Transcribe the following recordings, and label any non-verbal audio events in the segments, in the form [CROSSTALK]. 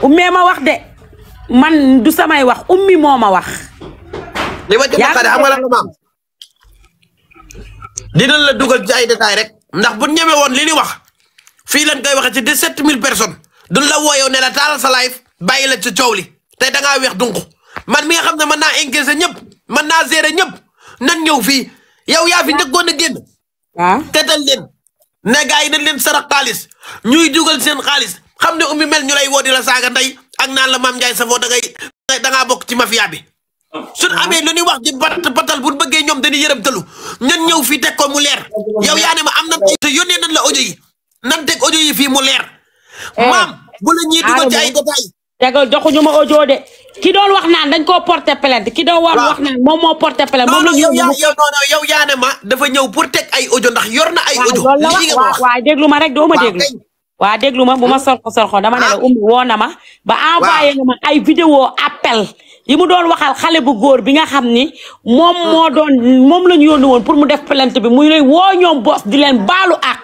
ummee ma wax de man du samay wax ummi moo ma wax. li ma ci naqare xam nga la ma am la dugal ci ay détails rek ndax bu ñeme woon li ni wax fii lañ koy waxee ci dix-sept mille personnes duñ la wooyow ne la taalal sa live bàyyi la ci coow li tey da weex dunq man mi nga xam ne mën naa encaisser ñëpp mën naa gérer ñëpp nan ñëw fii yow yaa fi njëkkoon a génn. waaw ah. tetal leen ne gars yi dañ leen sarax xaalis ñuy dugal seen xaalis. xam ne ummi mel ñu lay woo di la saaga ndey ak naan la maam Ndiaye Savon da ngay da bokk ci mafia bi. suñ amee lu ñuy wax di bat batal bu bëggee ñoom dañuy yërëmtalu ñan ñëw fii teg ko mu leer yow yaa ne ma am na te yónnee nan la audio yi nan teg audio yi fii mu leer. Eh. maam bu la ñuy dugal ci ay détails. tegal joxuñu ma audio de ki wax naan dañ ko porté plainte ki doon war wax naan moom moo porté plainte. moom la yow yow yaa ne ma dafa ñëw pour teg ay audio ndax yor na ay audio. lii nga ma wax waaw déglu ma rek doo ma déglu. waa déglu ma bu ma ah. sorko sorko dama ne la ah. umu woo na ma ba envoyé nga ma ay vidéo appel yi mu doon waxal xale bu góor bi nga xam ni moom ah. moo doon moom la ñu yónni woon pour mu def plainte bi muy lay woo ñoom di leen baalu àq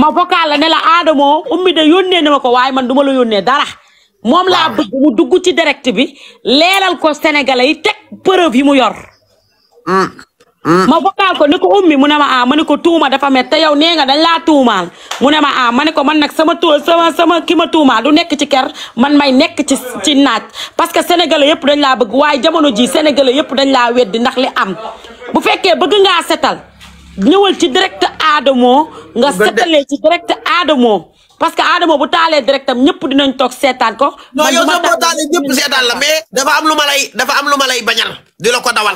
ma vocal la ne la aadamoo ummi de yónnee na ma ko waaye man du ma la yónnee dara moom laa bëgg mu dugg ci direct bi leeral ko sénégalais teg preuve yi mu yor mmh. Mm. ma vocal ko ni ko ummi mu ne ma a ah, ma ne ko tuuma dafa met te yow nee nga dañ laa tuumaal mu ne ma a ah, ma ne ko man nag sama tu sama sama ki ma tuumaal du nekk ci ker man may nekk ci ci naaj parce que sénégalais yëpp dañ laa bëgg waaye jamono ji sénégalais yëpp dañ laa weddi ndax li am bu fekkee bëgg ngaa setal ñëwal ci direct Adamo nga setalee ci direct Adamo parce que Adamo bu taalee directam ñëpp dinañ toog seetaan ko. non yow sax boo taalee ñëpp seetaan la mais dafa am lu ma lay dafa am lu ma lay bañal di la ko dawal.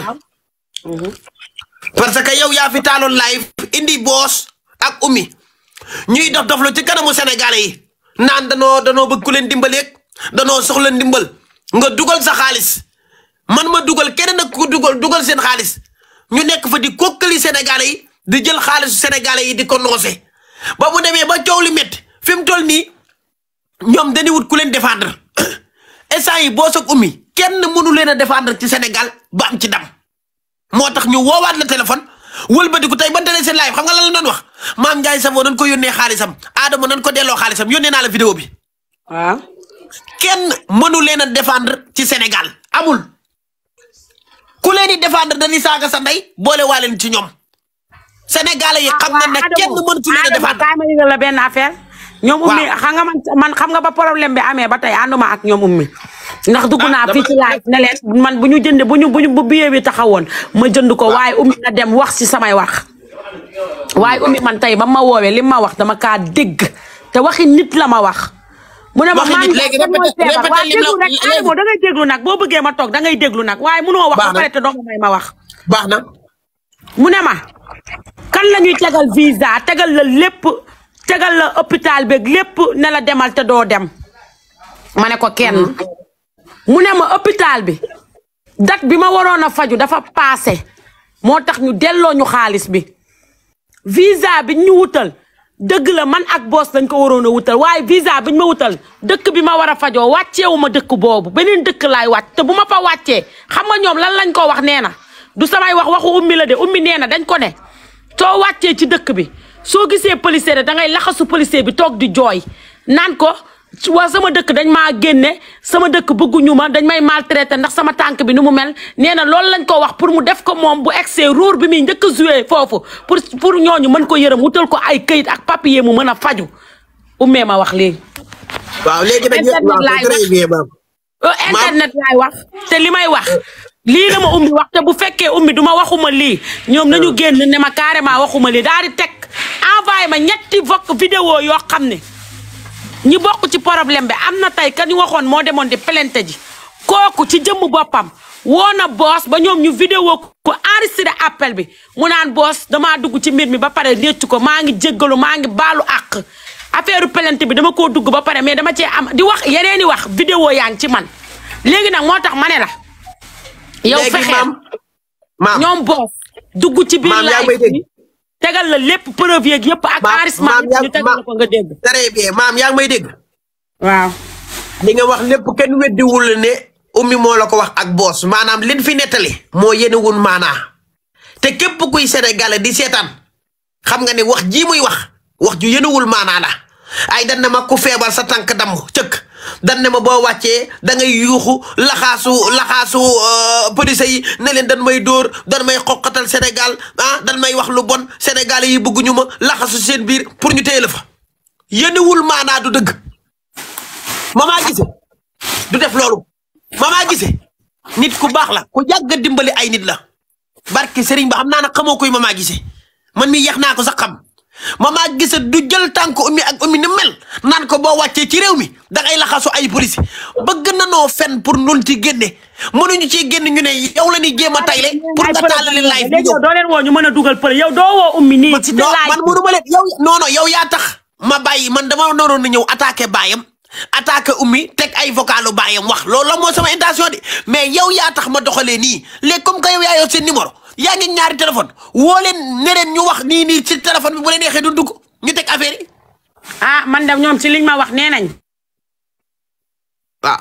parce que yow yaa fi taaloon live indi boos ak ummi ñuy dof dof lu ci kanamu Sénégalais yi naan danoo danoo bëgg ku leen dimbaleeg danoo soxla ndimbal nga dugal sa xaalis man ma dugal keneen ak ku dugal dugal seen xaalis ñu nekk fa di kokkali Sénégalais yi di jël xaalisu Sénégalais yi di ko noose ba mu demee ba coow li métti fi mu toll nii ñoom dañuy wut ku leen défendre instant [COUGHS] yi boos ak ummi kenn mënu leen a défendre ci senegal ba am ci dam moo tax ñu woowaat la téléphone wëlbatiku tey ba dalee seen live xam nga lan la doon wax maam Ndiaye Savon nañ ko yónnee xaalisam Adama nañ ko dello xaalisam yónnee naa la vidéo bi. waaw. kenn mënu leen a défendre ci senegal amul ku leen di défendre dañuy saaga sa ndey boole waa leen ci ñoom. Sénégalais yi xam na ne kenn mënatu leen a défendre Adama la benn affaire. ñoom ummi xam nga man xam nga ba problème bi amee ba tey ànduma ak ñoom ummi. ndax dugg naa ah, fii ci laaj man bu ñu jënd bu ñu bu ñu bu billet bi taxawoon ma jënd ko ah. waaye umi na dem wax ci samay wax waaye umi man tey ba ma woowee li ma wax dama kaa dégg te waxi nit la ma wax. mu ne ma ma ngi léegi répété répété lim la waaye nag boo bëggee ma toog da ngay nag waaye munoo wax. ba pare te doo may ma wax. baax na. mu ne ma. kan lañuy ñuy tegal visa tegal la lépp tegal la hôpital beeg lépp ne la demal te doo dem. ma ne ko kenn. Mm-hmm. mu ne ma hôpital bi date bi ma waroon a faju dafa paase moo tax ñu delloo ñu xaalis bi visa bi ñu wutal dëgg la man ak boos dañ ko waroon a wutal waaye visa bi ñu ma wutal dëkk bi ma war a fajoo wàcceewu ma dëkk boobu beneen dëkk laay wàcc te bu ma fa wàccee xam ñoom lan lañ ko wax nee na du samay wax waxu ummi la de ummi nee na dañ ko ne soo wàccee ci dëkk bi soo gisee policier da ngay laxasu policier bi toog di jooy naan ko waa sama dëkk dañ maa génne sama dëkk bëgguñu ma dañ may maltraité ndax sama tànk bi nu mu mel nee na loolu lañ ko wax pour mu def ko moom bu egsee ruur bi muy njëkk a foofu pour pour ñooñu mën ko yërëm wutal ko ay këyit ak papier mu mën a faju ummee ma wax léegi. waaw léegi internet euh, laay wax te li may wax. lii la ma ummi wax te bu fekkee ummi duma waxuma lii ñoom nañu euh. génn ne ma carrément waxuma lii daal di teg envoyé ma ñetti vok vidéo yoo xam ne. ñi bokk ci poroblèm bi am na tey ka ñi waxoon moo demoon di plainte ji kooku ci jëmm boppam woo na boos ba ñoom ñu vidéo ko enregistré appel bi mu naan boos damaa dugg ci mbir mi ba pare réccu ko maa ngi jéggalu maa ngi baalu àq affaire plainte bi dama koo dugg ba pare mais dama cee am di wax yeneeni wax vidéo yaa ci man léegi nag moo tax ma ne la. yow fexeel ñoom boos dugg ci biir live bi tegal la lépp preuve yeeg yëpp ak enregistrement ñu tegal ko nga dégg. très maam yaa may dégg. waaw. li nga wax lépp kenn weddiwul ne ummi moo la ko wax ak boos maanaam liñ fi nettali. moo yéenewul maanaa te képp kuy sénégalais di seetaan xam nga ne wax jii muy wax wax ju yéenewul maanaa la ay dan na ma ku feebar sa tànk damm cëkk. dan ne ma boo wàccee da ngay yuuxu laxaasu laxaasu euh, police yi ne leen dan may dóor dan may xoqatal Sénégal ah dan may wax lu bon Sénégal yi bëgguñu ma laxasu seen biir pour ñu téye la fa yéenewul maanaa du dëgg Mama Guissé du def loolu Mama Guissé nit ku baax la ku yàgg dimbali ay nit la barke Serigne ba xam naa ne xamoo koy Mama Guissé man mi yeex naa ko sax xam mama gise du jël tànk ummi ak ummi ni mel naan ko boo wàccee ci réew mi dangay ngay laxasu ay police bëgg nanoo fen pour nun ci génne mënuñu ci génn ñu ne yow la ni jéem a tayle pour nga taalale live bi yow doo leen mën a dugal pël yow doo woo ummi nii ci laaj yaa tax ma bàyyi man dama naroon na ñëw attaque baayam attaque ummi teg ay vocalu baayam wax loolu la moo sama intention de mais yow yaa tax ma doxalee nii lek comme que yow yaa yor seen numéro yaa ngi ñaari téléphone woo leen ne ñu wax nii nii ci téléphone bi bu leen neexee du dugg ñu teg affaire a ah, man da ñoom ci liñ ma wax nee nañ. waaw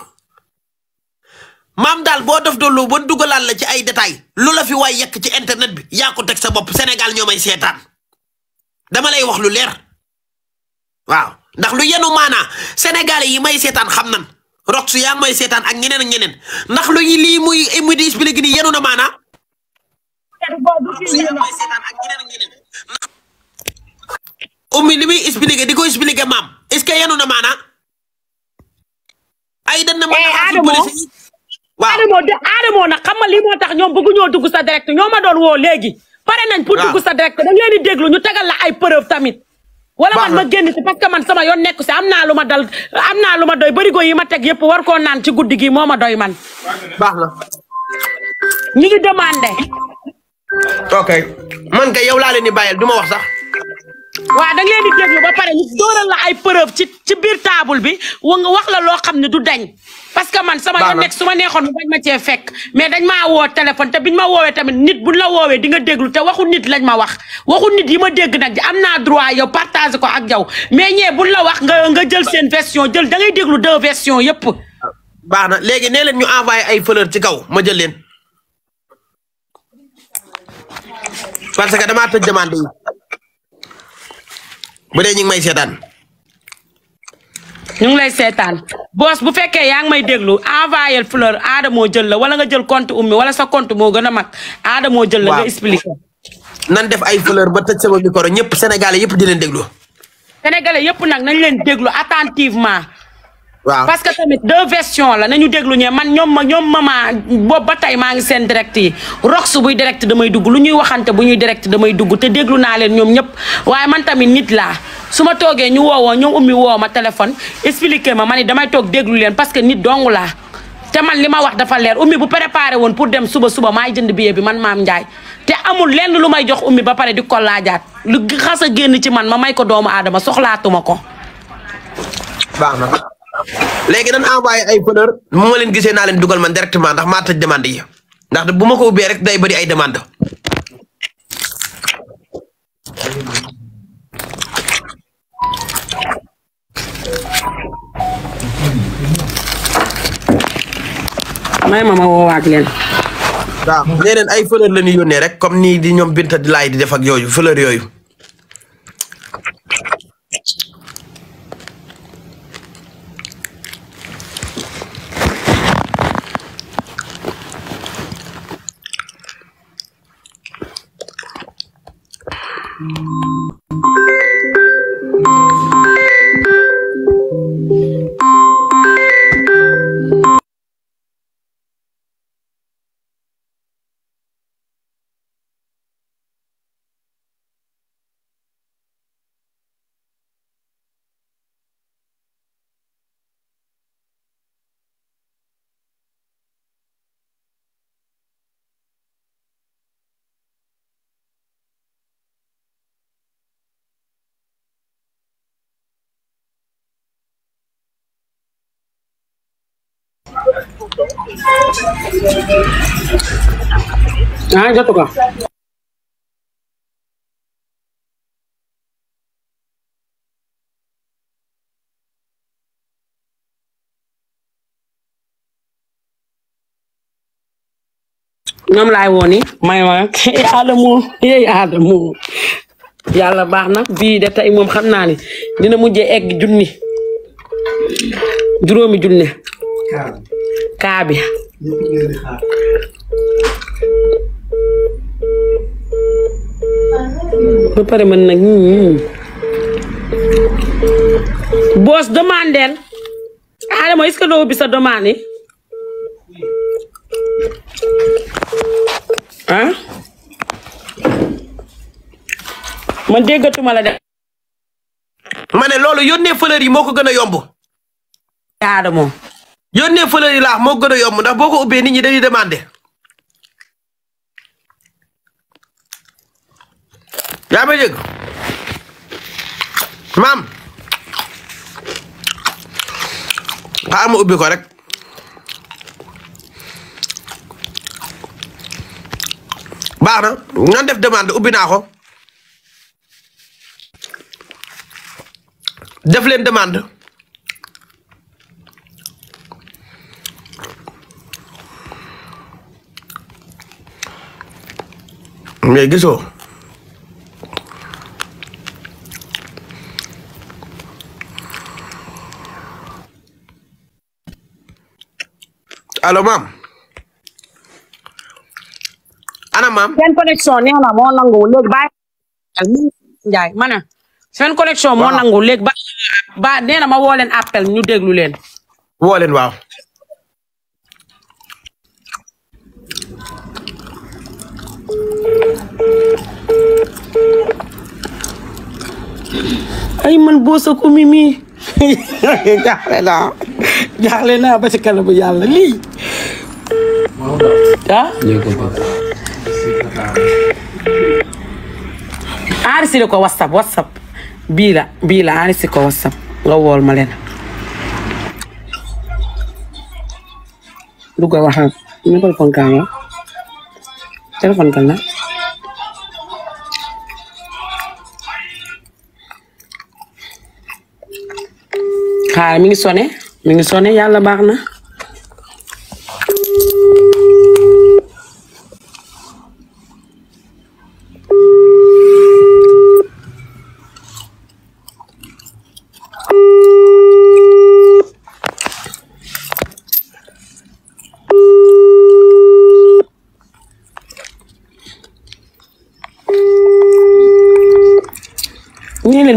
maam daal boo def dollu ba duggalaat la ci ay détails lu la fi waay yekk ci internet bi yaa ko teg sa bopp senegal ñoo may seetaan dama lay wax lu leer waaw ndax lu yenu maanaa sénégalais yi may seetaan xam nan rox yaa ngi may seetaan ak ñeneen ak ñeneen ndax lu lii muy muy di expliqué nii yenu na maana ummi li muy expliqué di ko expliqué maam est-ce que yenu na maana ay dan na ma eh, waaw Adamo de Adamo na xam nga lii moo tax ñoom bëgguñoo dugg sa direct ñoo ma doon woo léegi pare nañ pour dugg sa direct dañ leen di ñu tagal la ay preuve tamit wala man ma génn si parce man sama yoon nekku si am naa lu ma dal am naa lu ma doy barigo yi ma teg yëpp war koo naan ci guddi gi moo ma doy man baax na ñu ok man kay yow laa leen di bàyyil du ma wax sax. waaw da nga leen di déglu ba pare ñu dóoral la ay preuve ci ci biir table bi wa nga wax la loo xam ne du dañ. parce que man sama yoon nekk su ma neexoon bañ ma cee fekk mais dañ maa woo téléphone te biñ ma woowee tamit nit bu buñ la woowee di nga déglu te waxu nit lañ ma wax waxu nit yi ma dégg nag am naa droit yow partager ko ak jaw mais ñee buñ la wax nga nga jël seen version jël da ngay déglu deux versions yëpp. baax na léegi nee leen ñu envoyé ay fleur ci kaw ma jël parce que damaa tëj demande yi bu dee ñu may seetaan. ñu ngi lay seetaan boos bu fekkee yaa ngi may déglu envoyé fleur aada moo jël la wala nga jël compte ummi wala sa compte moo gën a mag. aada moo jël la nga expliqué. nan def ay fleur ba tëj sama micro ñëpp sénégalais yëpp di leen déglu. sénégalais yëpp nag leen déglu attentivement. waaw parce que tamit deux version la nañu déglu ñee man ñoom ma ñoom mama boobu ba tey maa ngi seen direct yi rox buy direct damay dugg lu ñuy waxante bu ñuy direct damay dugg te déglu naa leen ñoom ñëpp waaye man tamit nit laa su ma toogee ñu woowoo ñoom ummi woo ma téléphone expliqué ma ma ni damay toog déglu leen parce que nit dong la te man li ma wax dafa leer ummi bu préparé woon pour dem suba suba maay jënd billet bi man maam Ndiaye te amul lenn lu may jox ummi ba pare di ko laajaat lu xas a génn ci man ma may ko doomu aadama soxlaatuma ko. léegi dañ envoyé ay fleur mu ma leen gisee naa leen dugal man directement ndax maa tëj demande yi ndax bu ma ko ubbee rek day bëri ay demande may ma ma woowaat leen. waaw nee ay fleur la ñuy yónnee rek comme nii di ñoom Binta di laay di def ak yooyu fleur yooyu. Thank you. Ah, jatuh ñoom laay woon ni may ma Adamo yey Adamo yàlla baax na bii de tey moom xam naa ni dina mujjee egg junni juróomi junne kaa bi ba pare man nag hmm, hmm. boos demandeel Adama est-ce que doo ubbi sa demande yi ah man déggatuma la de ma ne loolu yónnee fleur yi moo ko gën a yomb Adama yónnee fële yi laax moo gën a yomb ndax boo ko ubbee nit ñi dañuy demandé yaa ma dégg maam xaaral ubbi ko rek baax na nan def demande ubbi naa ko def leen demande mais gisoo allo maam. ana maam. seen connexion nee na moo nangu léegi ba. Njaay ma ne. seen connexion moo nangu léegi ba ba nee ma woo leen appel ñu déglu leen. woo waaw. ay man boosa ko mimi [LAUGHS] jaaxle naa jaaxle naa ba ci yàlla lii ah enregistré ko whatsapp whatsapp bii la bii ko whatsapp nga wool ma leen lu ko waxaat numéro téléphone kan xaar mi ngi sone mi ngi sone yàlla baax na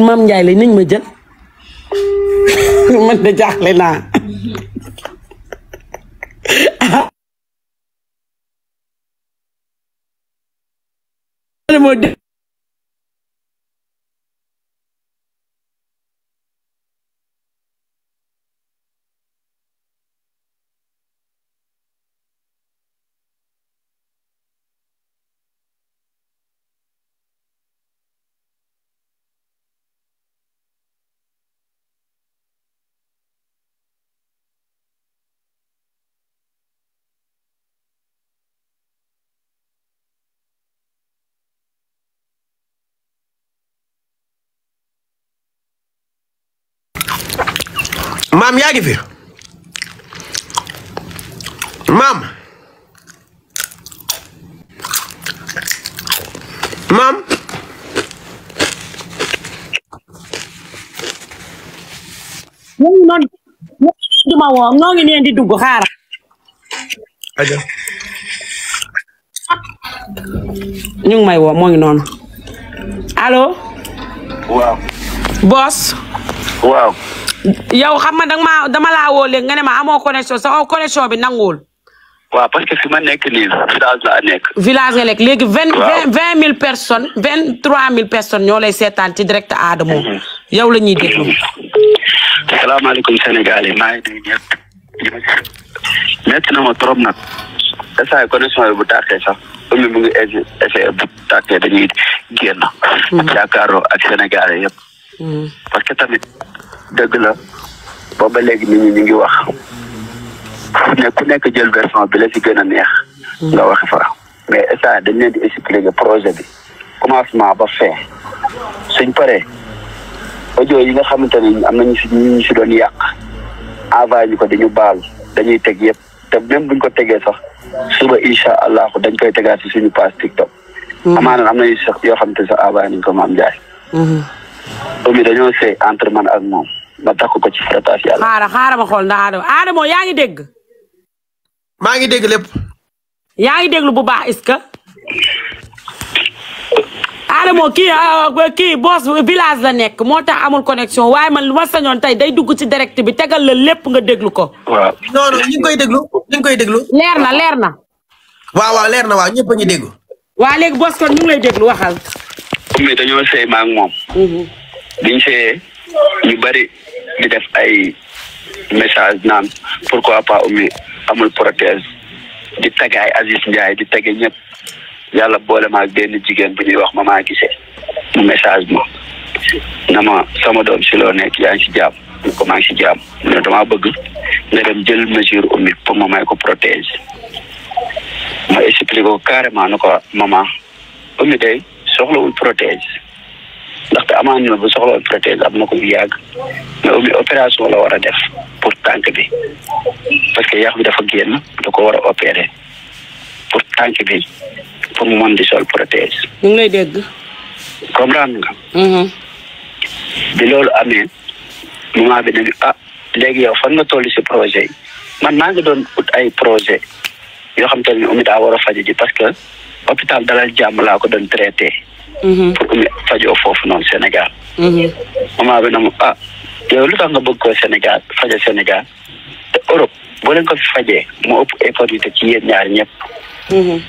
maam Njaay la nañ ma jël man de jaaxle naa maam yaa ngi fi maam maam ñooñu noonu duma woo ñoo ngi leen di dugg xaara aja ñu ngi may woo moo ngi noonu allo waaw yow xam nga danga maa dama laa woo nga ne ma amoo connexion sa connexion bi nanguwul. waaw parce que fi ma nekk nii village nekk. village nga nekk léegi vingt vingt mille personnes vingt trois mille personnes ñoo lay seetaan ci direct Adamo mhm. yow la ñuy déglu. salaamaaleykum Sénégal yi maa ngi nuyu ñëpp. métti na ma trop nag. dafa connexion yi bu tàkkee sax comme mu ngi essayé bu tàkkee dañuy génn. jàkkaarloo mhm. ak Sénégal yëpp. Mhm. tamit. dëgg la booba léegi nit ñi ñu ngi wax fu ku nekk jël version bi la ci gën a neex nga waxe fa mais état dañ leen di expliquer projet bi commencement ba fin suñ paree audio yi nga xamante ne am na ñu si ñu si doon yàq envoyé ñu ko dañu baal dañuy teg yëpp te même buñ ko tegee sax suba incha allahu dañ koy tegaat si suñu page TikTok. Mm-hmm. amaana am na yu yoo xam ne sax envoyé nañ ko maam Ndiaye. omi mm-hmm. dañoo sey entre man ak moom. ma takk ko ci farataas yàlla. xaaral xaaral ma xool ndax Adama Adama yaa ngi dégg. maa ngi dégg lépp. yaa ngi déglu bu baax est-ce que. Adama kii euh, kii boos village la nekk moo tax amul connexion waaye man lu ma sañoon tey day dugg ci direct bi tegal la lépp nga déglu ko. waaw non non ñu ngi koy déglu ñu ngi koy déglu. leer na leer na. waaw waaw leer na waaw ñëpp a ngi dégg. waa léegi boos kon ñu ngi lay déglu waxal. comme dañoo sey ma ak moom. biñ mhm. seyee ñu bari. di def ay message naan pourquoi pas Oumy amul prothèse di tagg ay Aziz di tagg ñëpp yàlla boole ma ak benn jigéen bu ñuy wax ma maa gisee mu message ma na ma sama doom si loo nekk yaa ngi si jàmm ñu ko maa si jàmm mu ne damaa bëgg nga dem jël mesure Oumy pour ma may ko prothèse ma expliqué ko carrément na ko maman Oumy day soxlawul prothèse ndaxte amaan na bu soxla prothèse am na ko bu yàgg mais opération la war a def pour tànk bi parce que yàq bi dafa génn da ko war a opérer pour tànk bi pour mu mën di sol prothèse. ñu ngi lay dégg. comprendre nga. Mm-hmm. bi loolu amee moment bi nañu ah léegi yow fan nga toll si projet yi man maa ngi doon ut ay projet yoo xam te ne umi daa war a faj ji parce que hôpital dalal jàmm laa ko doon traité. pour que ñu fajoo foofu noonu senegal mm-hmm. maman bi na mu ah yow lu tax nga bëgg koo Sénégal faja Sénégal te Europe boo leen ko fi fajee moo ëpp yi opportunité ci yéen ñaar ñëpp. Mm-hmm.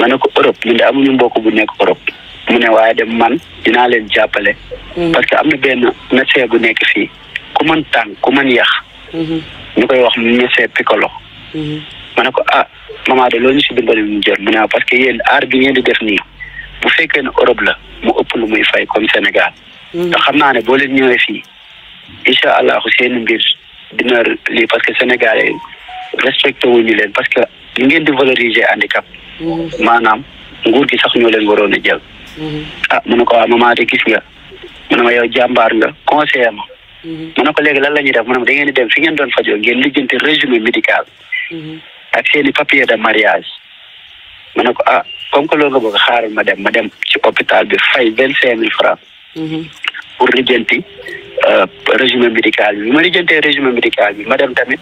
ma ne ko Europe ñun de amuñu mbokk bu nekk Europe mu ne waaye dem man dinaa leen jàppale. Mm-hmm. parce que am na benn médecin bu nekk fii ku mën tànk ku mën yax. ñu koy wax médecin Piccolo. ma ne ko ah maman de loolu ñu si dimbali mu jël ne parce que yéen aar bi ngeen di def nii. bu fekkee ne Europe la mu ëpp lu muy fay comme Sénégal. Mm. te xam naa ne boo leen ñëwee fii incha allah seen mbir dina lii parce que Sénégalais respecté wuñu leen parce que ñu ngeen di valoriser handicap. Mm. maanaam nguur gi sax ñoo leen waroon a jël. Mm. ah mun ne ko waa ah, maman de gis nga mu ne ma yow jàmbaar nga conseiller ma. mu ne ko léegi lan la ñuy def mu ne ma da ngeen di dem fi ngeen doon fajoo ngeen lijjanti résumé médical. ak seen i papier de mariage. ma ne ko ah comme que loolu nga bëgg xaaral ma dem ma dem ci hôpital bi fay vingt cinq mille francs mhm. pour lijjanti euh, régime médical bi bi ma lijjantee régime médical bi ma dem tamit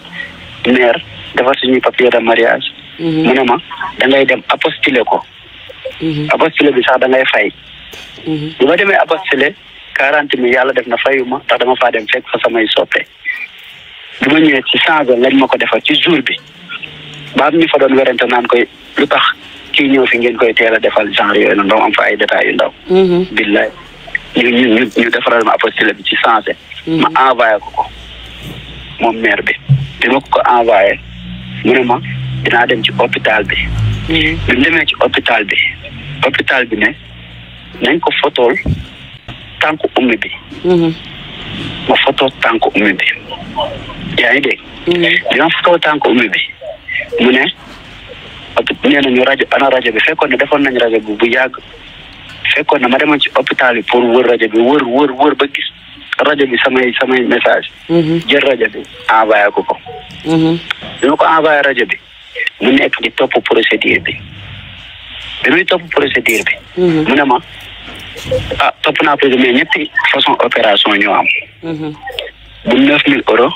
maire dafa suñuy papier de mariage mhm. ma da ngay dem apostiller ko mhm. apostiller bi sax dangay fay bu ma demee apostiller quarante mi yàlla def na fayuma ndax dama faa dem fekk fa samay soppe bi ma ñëwee ci cent lañ ma ko defal ci jour bi ba am ñu fa doon werante naan koy lu tax kii ñëw fi ngeen koy teel a defal genre yooyu noonu doo fa ay détails yu ndaw. Mhm. billaay ñu ñu ñu ñu defaral ma apostille bi ci sensé. Mhm. ma envoyé ko ko moom maire bi bi ma ko ko envoyé mu ne ma dinaa dem ci hôpital bi. Mhm. bi mu demee ci hôpital bi hôpital bi na nañ ko fotool tànku ummi bi. ma foto tànku ummi bi yaa ngi dégg. bi ma foto tànku ummi bi mu ne. parce que nee rajo ana rajo bi fekkoon ne defoon nañ rajo bi bu yàgg fekkoon na ma demoon ci hôpital yi pour wër rajo bi wër wër wër ba gis rajo bi samay samay message mhm. jël rajo bi envoyé ko ko mhm. bi ma ko envoyé rajo bi mu nekk di topp procédure bi bi muy topp procédure bi mhm. mu ne ma a ah, topp naa procédure mais façon opération ñoo am bu neuf mille euros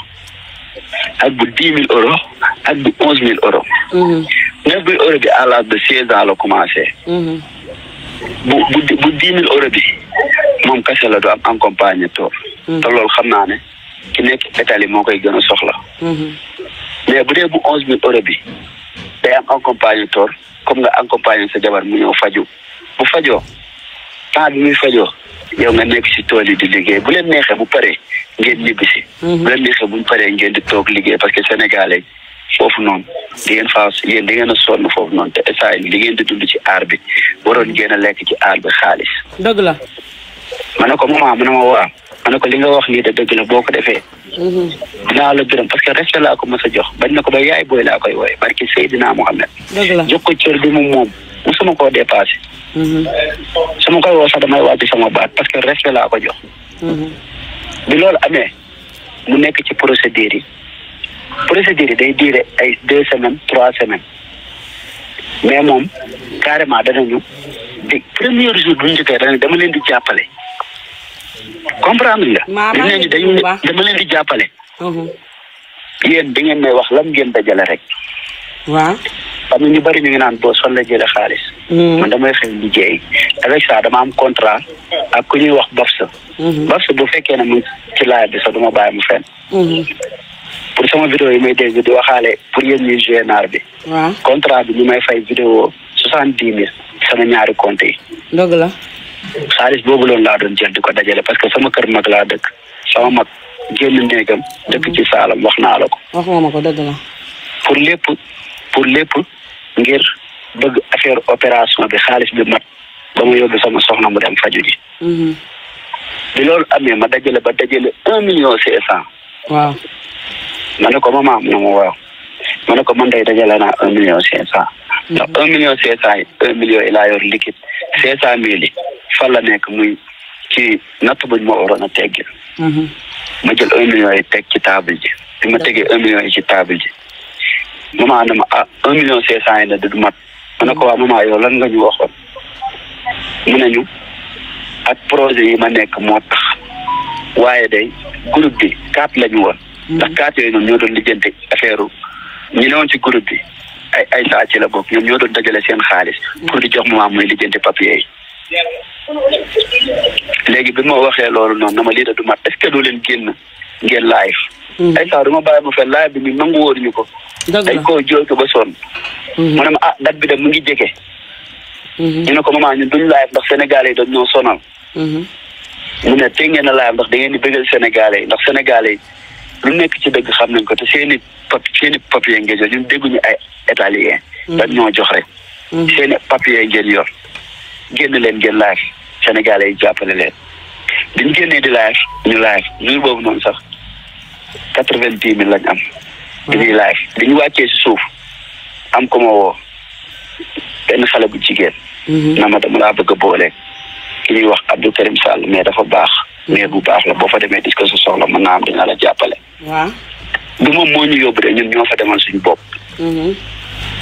ak bu dix mille euros ak bu onze mille euros. Mm-hmm. neuf mille euros bi à l'âge de seize ans la commencé. Mm-hmm. bu bu bu dix mille euros bi moom kese la du am accompagnateur. Mm-hmm. te loolu xam naa ne ki nekk Italie moo koy gën a soxla. mais bu dee bu onze mille euros bi day am accompagnateur comme nga accompagner sa jabar mu ñëw faju bu fajoo temps bi muy fajoo. yow nga nekk si tool yi di liggéey bu leen neexee bu paree ngeen ñibbisi. Mhm. bu leen neexee buñ paree ngeen di toog liggéey parce que sénégalais foofu noonu di ngeen faa yéen di ngeen a sonn foofu noonu te saa li di dund ci aar bi waroon ngeen a lekk ci a bi xaalis. dëgg la. ma ne ko maman ma ne ma waa ma ne ko li nga wax nii de dëgg la boo ko defee. Mhm. dinaa la gërëm parce que respect laa ko ma a jox bañ na ko ba yaay booy laa koy wooye barki Seydina Mohamed. dëgg la jox ko cër bi mu moom. musuma koo dépassé. Mhm. su ma koy woo sax damay wàcc sama baat parce que respect laa ko jox. Mhm. bi loolu amee mu nekk ci procédures yi procédures yi day diire ay deux semaine trois semaines mais moom carrément danañu di premier jour bu ñu jotee danañ dama leen di jàppale. comprendre nga. maama dañu dañu dama leen di jàppale. Mhm. yéen bi ngeen may wax lam ngeen dajale rek. waaw xam ñu bari ñu ngi naan boos fan la jëlee xaalis. Hmm. man damay xëy liggéey avec ça dama am contrat ak ku ñuy wax BAFSA. Hmm. BAFSA bu fekkee na mu ci laaj bi sax duma bàyyi mu fenn. Hmm. pour sama vidéo yi may dégg di waxaale pour yéen ñuy joué naar bi. waaw contrat bi ñu may fay vidéo soixante dix mille sama ñaari conte yi. dëgg la. xaalis boobu loolu laa doon jël di ko dajale parce que sama kër mag laa dëkk sama mag génn néegam dëkk ci saalam wax naa la ko. wax nga pour lépp ngir bëgg affaire opération bi xaalis bi mat ba mu yóbbu sama soxna mu dem faju ji mhm. bi loolu amee ma dajale ba dajale un million cinq waaw ma ne ko maman maam ne ma waaw ma ne ko man day dajale naa un million cinq cent mhm. ndax un million cinq yi un million yi laa yor liquide cinq cent mille yi fan la nekk muy ci natt buñ ma waroon a teggil mhm. ma jël un million yi teg ci table ji bi ma tegee un million yi ci table ji maman na ma ah un million cinq cent yi la du mat ma ne ko waa maman yow lan nga ñu waxoon mu ne ñu ak projet yi ma nekk moo tax waaye day groupe bi quatre la woon hmm. ndax quatre yooyu noonu ñoo doon lijjanti affaire ñu ne woon ci groupe bi ay ay saa ci la bokk ñoom ñoo doon dajale seen xaalis pour di jox maman muy lijjanti papier yi léegi bi moo waxee loolu noonu na ma lii da mat est-ce leen génn ngeen live Mm-hmm. ay saa du ma bàyyi ma fen laaj bi ñu nangu wóor ñu ko. dañ koo jooytu ba sonn. Mm-hmm. mu ne ma ah date bi de mu ngi jege. Mm-hmm. ñu ne ko maman ñun duñ laaj ndax Sénégalais yi dañ ñoo sonal. mu ne tey ngeen a laaj ndax di bëggal Sénégalais yi ndax Sénégalais lu nekk ci dëgg xam nañ ko te seeni pap seeni papier ngeen jël ñun dégguñu ay italien. dañ ñoo jox rek. seeni papier ngeen yor génn leen ngeen laaj Sénégalais yi jàppale leen. biñ génnee di laaj ñu laaj jour boobu noonu sax. quatre vingt dix mille lañ am. bi ñuy laaj bi ñu wàccee si suuf am ko ma woo benn xale bu jigéen. Mhm. na ma dama laa bëgg a boole ki ñuy wax Abdou Karim Sall mais dafa baax. Mhm. mais bu baax la boo fa demee dis ko sa soxla mën naa am dina la jàppale. waaw du moom moo ñu yóbbu de ñun ñoo fa demal suñu bopp. Mhm.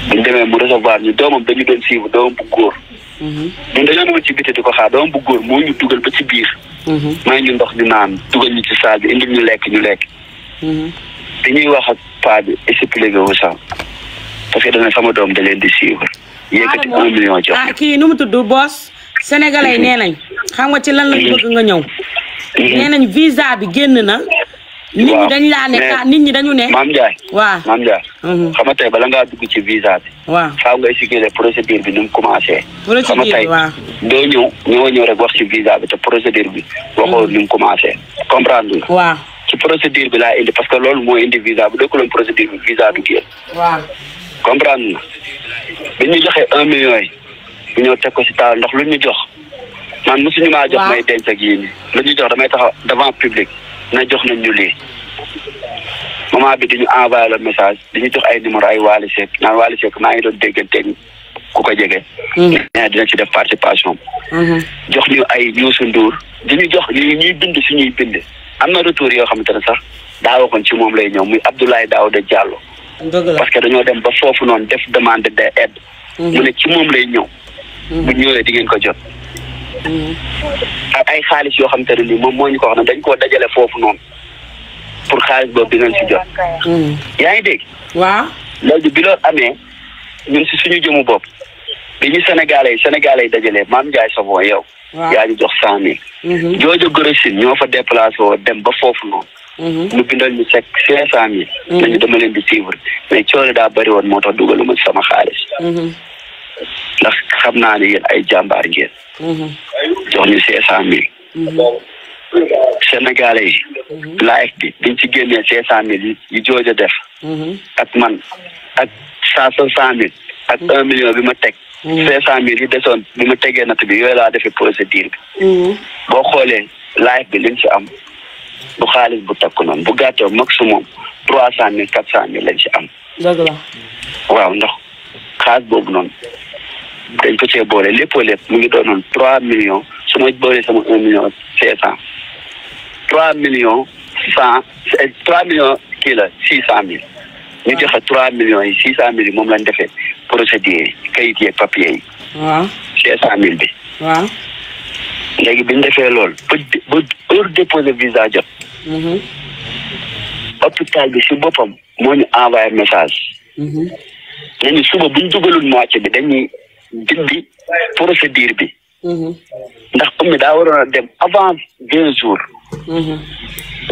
buñ demee mu recevoir ñu doomam dañu doon siiw doomam bu góor. ñun dañoo demoon ci biti di ko xaar doomam bu góor moo ñu dugal ba ci biir. may ñu ndox ñu naan dugal ñu ci saal bi indil ñu lekk ñu lekk. bi ñuy wax ak paa bi expliqué wu sax parce que dana sama doom da leen di suivre. yëkkati un million ah kii nu tudd boos. sénégalais nee nañ. xam nga ci lan lañ bëgg nga ñëw. nee nañ visa bi génn na. nit ñi dañ laa ne nit ñi dañu ne. maam Ndiaye. waa maam Ndiaye. Mhm. xam nga tey bala ngaa dugg ci visa bi. waa faaw nga expliquer procédure bi ni mu commencé. procédure xam nga tey doo ñëw ñëw ñëw rek wax ci visa bi te procédure bi. waxoo ni mu commencé comprendre nga. waaw. ci procédure bi laa indi parce que loolu moo indi visa bu dëkkuloon procédure bi visa du génn. waaw na bi ñu joxee un million yi bu teg ko ci taal ndox lu ñu jox man mosuñu maa jox may denc ak yéen lu ñu jox damay taxaw devant public na jox na ñu lii moment bi dañu envoyé le message dañu jox ay numéro ay Wally Seck naan Wally Seck maa ngi doon dégganteeg ku ko jege. Hmm. nee dina ci def participation hmm. di ñu jox Youssou ñuy diñu jox ñuy bind am na retour yoo xamante ne sax daa waxoon ci moom lay ñëw muy Abdoulaye Daouda Diallo. parce que dañoo dem ba foofu noonu def demande d'aide. Mhm. mu ne ci moom lay ñëw. Mhm. bu ñëwee di ngeen ko jot. Mhm. ak ay xaalis yoo xamante ne nii moom moo ñu ko wax ne dañ koo dajale foofu noonu pour xaalis boobu di ngeen si jot. yaa ngi dégg. waaw loolu bi loolu amee ñun si suñu jëmu bopp bi ñu Sénégalais yi Sénégalais yi dajalee Mame Ndiaye Savon yow. yaa ñu jox cent mille. Mhm. joojo Gorosin ñoo fa déplacé dem ba foofu noonu. ñu mhm. bindal ñu sec cinq cent mille. Mhm. nañu dama leen di suivre mais coono daa bëri woon moo tax ma sama xaalis. ndax xam naa ni yéen ay jàmbaar ngeen. jox ñu cinq cent mille. Sénégalais yi. live bi biñ ci génnee cinq cent mille yi joojo def. ak man ak cent cent mille. ak un million bi ma teg. Mm. cinq cent mille yi desoon bi ma tegee natt bi yooyu laa defee procédure bi mm. boo xoolee live bi liñ ci am bu xaalis bu takku noonu bu gàttee maximum trois cent mille quatre cent mille lañ ci am dëgg la waaw ndax xaalis boobu noon dañ ko cee boole léppoo lépp mu ngi noon trois millions su ma boolee sama un million cinq cent trois millions cent eh, trois millions kii la six cent mille ñu joxe trois millions yi six cent mille yi moom lañ defee procédure yi kayit yeeg papier yi. waaw six cent mille bi. waaw. léegi bi ñu defee loolu ba ba heure déposer visa hôpital bi si boppam mooñu ñu envoyé message. ne ñu suba bu ñu dugalul moitié bi dañuy dindi procédure bi. ndax comme daa waroon a dem avant vingt jours.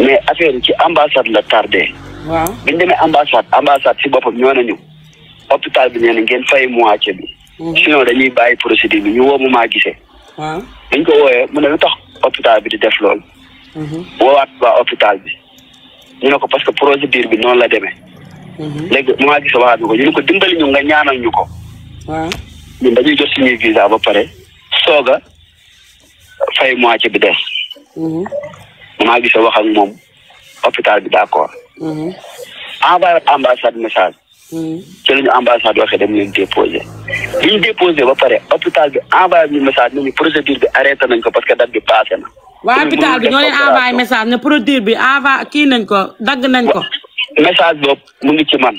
mais affaire ci ambassade la tardé. waaw bi ñu demee ambassade ambassade si boppam ñoo nañu hôpital bi nee na ngeen fay moitié bi. Mhm. sinon dañuy bàyyi procédure bi ñu woo mu maa gisee. waaw dañ ko wooyee mu ne lu tax hôpital bi di def loolu. Mhm. woowaat waa bi ñu ne ko parce que procédure bi noonu la demee. Mhm. léegi mu maa gisee waxaat ñu ko ko dimbali ñu nga ñaanal ñu ko. waaw ñun dañuy jot suñuy visa ba pare soog a fay moitié bi des. mu maa gisee wax moom. hôpital bi d' accord. Mhm. envoyé ambassade message. Mhm. ci la ñu ambassade waxee dem leen déposé. bi ñu ba pare hôpital bi envoyé ñu message ne procédure bi arrêté nañ ko parce que date bi passé na. waa hôpital bi ñoo leen envoyé message ne procédure bi envoyé kii nañ ko dagg nañ ko. message boobu mu ngi ci man.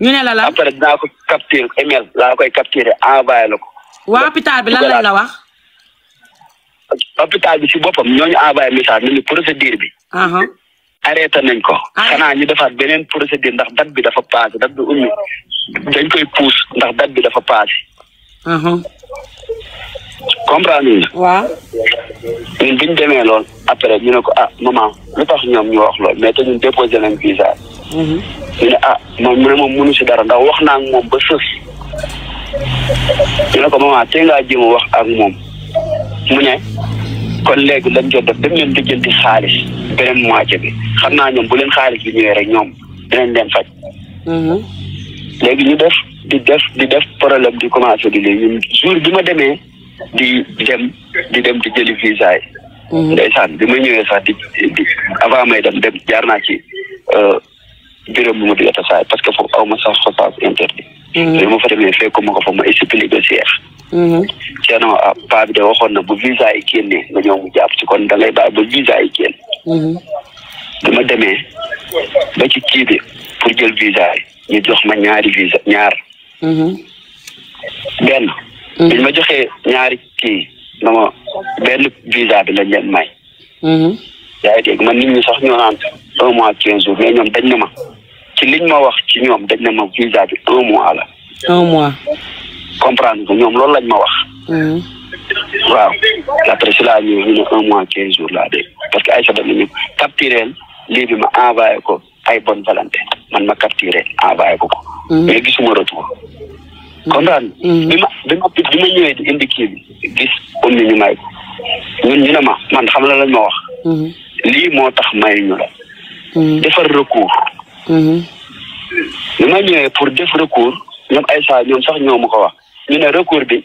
ñu ne la la après dinaa ko capture email laa koy capturé envoyé la ko. waa hôpital bi lan lañ la hôpital bi si boppam ñoo ñu envoyé message ne ñu procédure bi. Uh-huh. arrêté nañ ko. Ah. xanaa ñu defaat beneen procédure ndax dag bi dafa passé dag bi ummi dañ koy puus ndax date bi dafa passé. Uh-huh. comprendre nga. waaw. ñun bi ñu demee lool après ñu ne ko ah maman lu tax ñoom ñu wax lool mais te ñun déposé nañ visa. Uh-huh. ñu ne ah moom mu ne moom mënu si dara ndax wax naa moom ba sës. ñu ne ko maman tey ngaa jéem wax ak moom mu ne. kon léegi lañ jot def dem leen lijjanti xaalis beneen moitié bi xam naa ñoom bu leen xaalis bi ñëwee rek ñoom dinañ leen faj. Mhm. léegi ñu def di def di def problème di commencé di lii ñun bi ma demee di dem di dem di jëli visa yi. Mhm. ndeysaan bi ma ñëwee sax di avant may dem dem jaar naa ci euh, bureau bi ma di yota saay parce que foofu aw ma sax fa passe interdit. mais mhm. ma fa demee fekk ma ko fa ma expliqué Cheikh. Thierno mm-hmm. ah paa bi de waxoon na bu visa yi génnee nga ñëw mu jàpp ci kon da ngay bàyyi ba visa yi génn. Mm-hmm. bi ma demee ba ci kii bi pour jël visa yi ñu jox ma ñaari visa ñaar. Mm-hmm. benn. biñ ma joxee ñaari kii na benn visa bi lañ leen may. man nit sax ñoo naan un mois mais ñoom dañ na ma ci liñ ma wax ci ñoom dañ na ma visa bi un mois la. un mois. comprendre ko ñoom loolu lañ ma wax. Hmm. waaw après si laa ñëw ñu ne un mois quinze jours laa dégg parce que Aïssa dama ñu capturé lii bi ma envoyé ko ay bonne volonté man ma capturé envoyé ko ko. Hmm. mais gisuma retour. Hmm. comprendre bi ma bi ma bi ma ñëwee di indi kii bi gis am ñu may ko ñun ne ma man xam la lañ ma wax. lii moo tax may ñu la. defar recours. bi ma ñëwee pour def recours ñoom Aïssa ñoom sax ñoo ma ko wax. ñu ne recours bi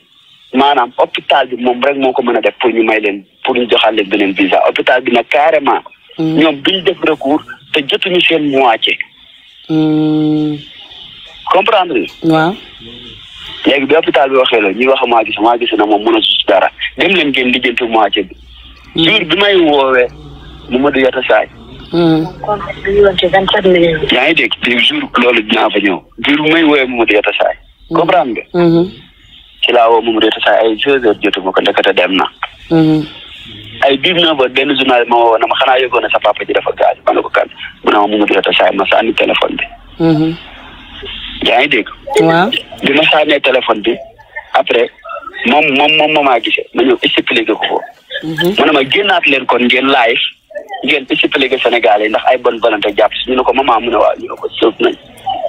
maanaam hopital bi moom rek moo ko mën a def pour ñu may leen pour ñu joxal leen beneen visa hôpital bi nag carrément. Hmm. ñoom duñ def recours te jotuñu seen moitié. Hmm. comprendre nga. waaw. léegi bi hôpital bi waxee loolu ñuy wax maa gis maa gis na moom mën a sus dara dem leen ngeen lijjanti moitié bi. Hmm. jour bi may woowee Mamadou Yatta Saay. kon dañuy wax ci vingt sept millions. yaa ngi dégg jour loolu dinaa fa ñëw jour bi may woowee Mamadou Yatta Saay. comprendre nga. ci woo moom réeta sax ay deux heures na mm-hmm. ay biib na ba benn journal ma woo na ma xanaa yëgoon ne sa papa ji dafa gaañ ma ne ko kan mu ne ma Momadou Reta Saay ma mm-hmm. yaa ngi dégg. waaw bi ma téléphone bi après moom moom moom moo maa gisee ma ñëw expliqué ko ko. Mm-hmm. ma ne ma génnaat leen kon ngeen live ngeen expliqué senegal yi ndax ay bon volonté jàpp si ñu ne ko maman mu ne waaw ñu ne ko sëf nañ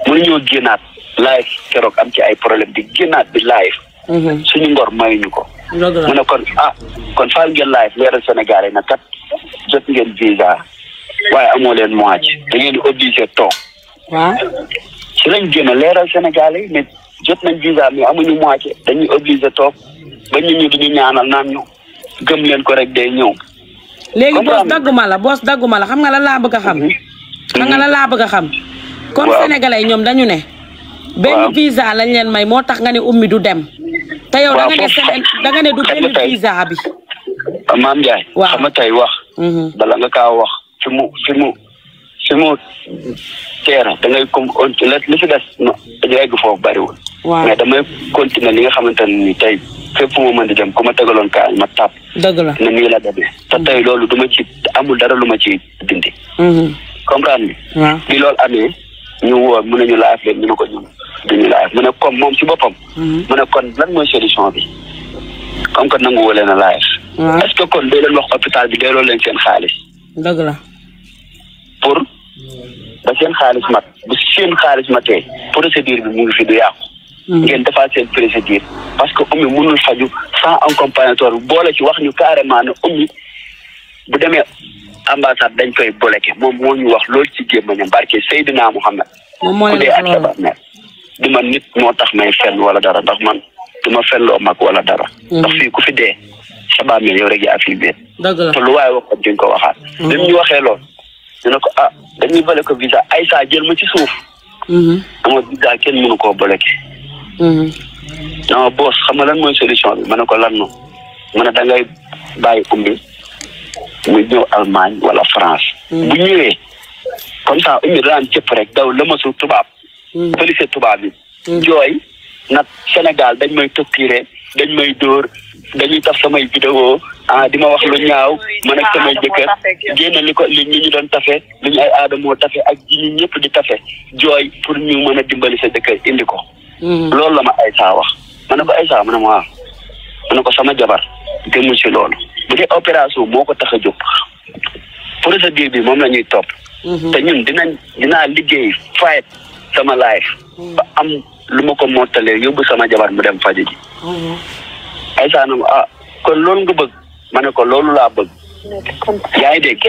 mënuñoo génnaat live keroog am ci ay problème di génnaat bi live. Mhm. suñu ngor mayuñu ko. mu ne kon ah kon Fall Gueye Life leeral Sénégal yi na kat jot ngeen visa waaye amoo leen mois ci da ngeen di obligé toog. waaw si lañ génn leeral Sénégal yi mais jot nañ visa mais amuñu mois ci dañuy obligé toog ba ñu ñu duñu ñaanal naan ñu gëm leen ko rek day ñëw. léegi boos dagguma la boos dagguma la xam nga la laa bëgg a xam. Mhm. xam nga la laa bëgg a xam. comme sénégalais ñoom dañu ne. benn visa lañ leen may moo tax nga ne mi du dem. te yow da nga ne seen da nga ne du benn visa bi. maam Ndiaye. waaw xam wax. Mhm. bala nga kaa wax fi mu fi mu fi mu teera da ngay comme li fi des no yegg foofu bariwul. waaw mais damay continuer li nga xamante ne nii tey fépp fu di dem ku ma tegaloon kaay ma tàpp. dëgg la ne nii la demee. te tey mhm. loolu duma ci amul dara lu ma ci dindi. Mhm. comprendre nga. waaw bi loolu amee. ñu woo mu ne ñu laaj leen ñu ne ko ñu duñu laaj mu ne comme moom ci boppam. mu mhm. ne kon lan mooy solution bi comme que nanguwoo leen a laaj. est-ce que kon doo leen wax hôpital bi delloo leen seen xaalis. dëgg la. pour ba seen xaalis mat bu seen xaalis matee procédure bi mu ngi fi du yàqu. Mhm. ngeen defaat seen procédure parce que ummi mënul faju sans accompagnateur boole ci wax ñu carrément ne ummi bu demee. ambassade dañ koy bloqué moom moo ñu wax loolu ci gémmañam barke Seydina Muhammad ku dee ak sa bàmmeel du man nit moo tax may fenn wala dara ndax man du ma fenn mag wala dara mhm. ndax fii ku fi dee sa bàmmeel yow rek yaa fi biir te lu waaye waxoon duñ ko waxaat li mhm. ñu waxee lool ñu ne ko ah dañuy bale ko visa ay saa jël ma ci suuf dama mhm. visa kenn mënu ko bloqué non boos xam nga lan mooy solution bi ma ne ko lan noonu mu ne da ngay bàyyi umbi muy ñëw Allemagne wala France. Hmm. bu ñëwee comme ça ummi daan rek daw lëmasu tubaab. Hmm. fëlise tubaab yi. Hmm. jooy nag senegal dañ may tokkire dañ may dóor dañuy taf samay vidéo ah di ma wax lu ñaaw man ak samay jëkkër génn li ko li ñu doon tafe li ñu ay aadamoo tafe ak ji ñu ñëpp di tafe jooy pour ñu mën a dimbali sa jëkkër indi ko. loolu la ma Aïssa wax ma ay ko Aïssa ma ne ma ah, waaw ma ne ko sama jabar gëmul ci loolu. bu dee opération moo ko tax a jóg procédure bi moom nañuy ñuy topp. Mhm. te ñun dinañ dinaa liggéey fayet sama life. Mhm. ba am lu ma ko mottalee yóbbu sama jabar mu dem faji ji. Mhm. ay saanam ah, kon loolu nga bëgg ma ne ko loolu laa bëgg. yaa ngi dégg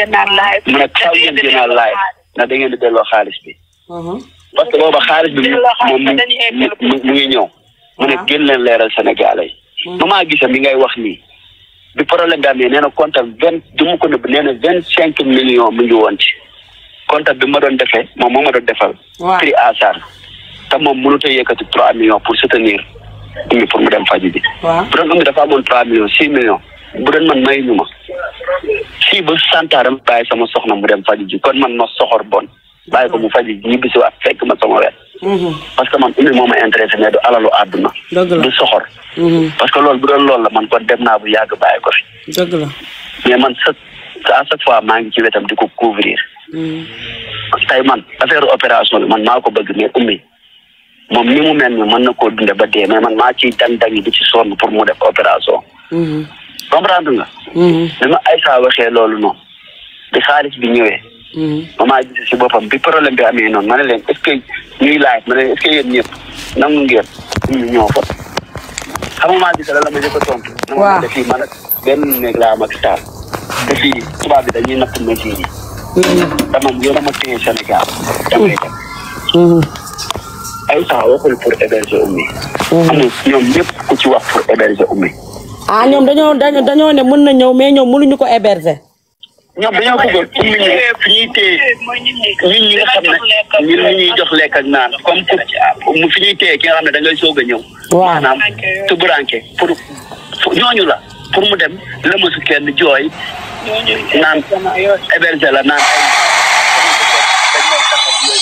mu ne kaw ngeen gënaan live na da ngeen di delloo xaalis bi. parce que booba xaalis bi moom mu ngi ñëw. mu ne gën leen leeral Sénégalais yi. maa gisee mi ngay wax nii. bi problème bi amee nee na compte vingt du mu ko nëbb nee na vingt cinq millions mu ngi woon ci compte bi ma doon defee moom moo ma doon defal. waaw prix à Sarr te moom mënut a yëkkati trois millions pour soutenir umi pour mu dem faju bi. waaw bu doon umi dafa amoon trois millions si millions bu doon man may ñu ma fii ba santaaram bàyyi sama soxna mu dem faju ji kon man ma soxor bon bàyyi ko mu faju ji ñibbisi waat fekk ma sama wet Mhm. parce que man umi moo ma intéressé mais du alalu àdduna. du soxor. Mhm. parce que loolu bu lool la man kon dem naa bu yàgg bàyyi ko fi. dëgg la mais man chaque à chaque fois maa ngi ci wetam di ko couvrir. Mhm. tey man affaire opération bi man maa ko bëgg mais umi moom mi mu mel ni mën na ko dunde ba dee mais man maa ciy dang-dang i di ci sonn pour mu def opération. comprendre nga. bi ma ay saa waxee loolu noonu. di xaalis bi ñëwee. maman ji si boppam bi problème bi amee noonu ma ne leen est ñuy laaj ma ne leen est ce nangu ngeen ñu ñoo xam nga maa gis la ma jëkk a tontu. benn néeg laa am ak star. te fii tubaab bi dañuy natt pour héberger ummi. amul ñoom ñëpp ku ci wax pour héberger ummi. ah dañoo dañoo ne mën na ñëw mais ñoom mënuñu ko héberger. ñoom dañoo bëggoon humilier fi ñuy téye ñun ñi nga xam ne ñun ñuy jox lekk ak naan comme que fi ñuy téye ki nga xam ne da ngay soog a ñëw. waaw maanaam tuburanke pour ñooñu la pour mu dem lëmasu kenn jooy naan héberger la naan loolu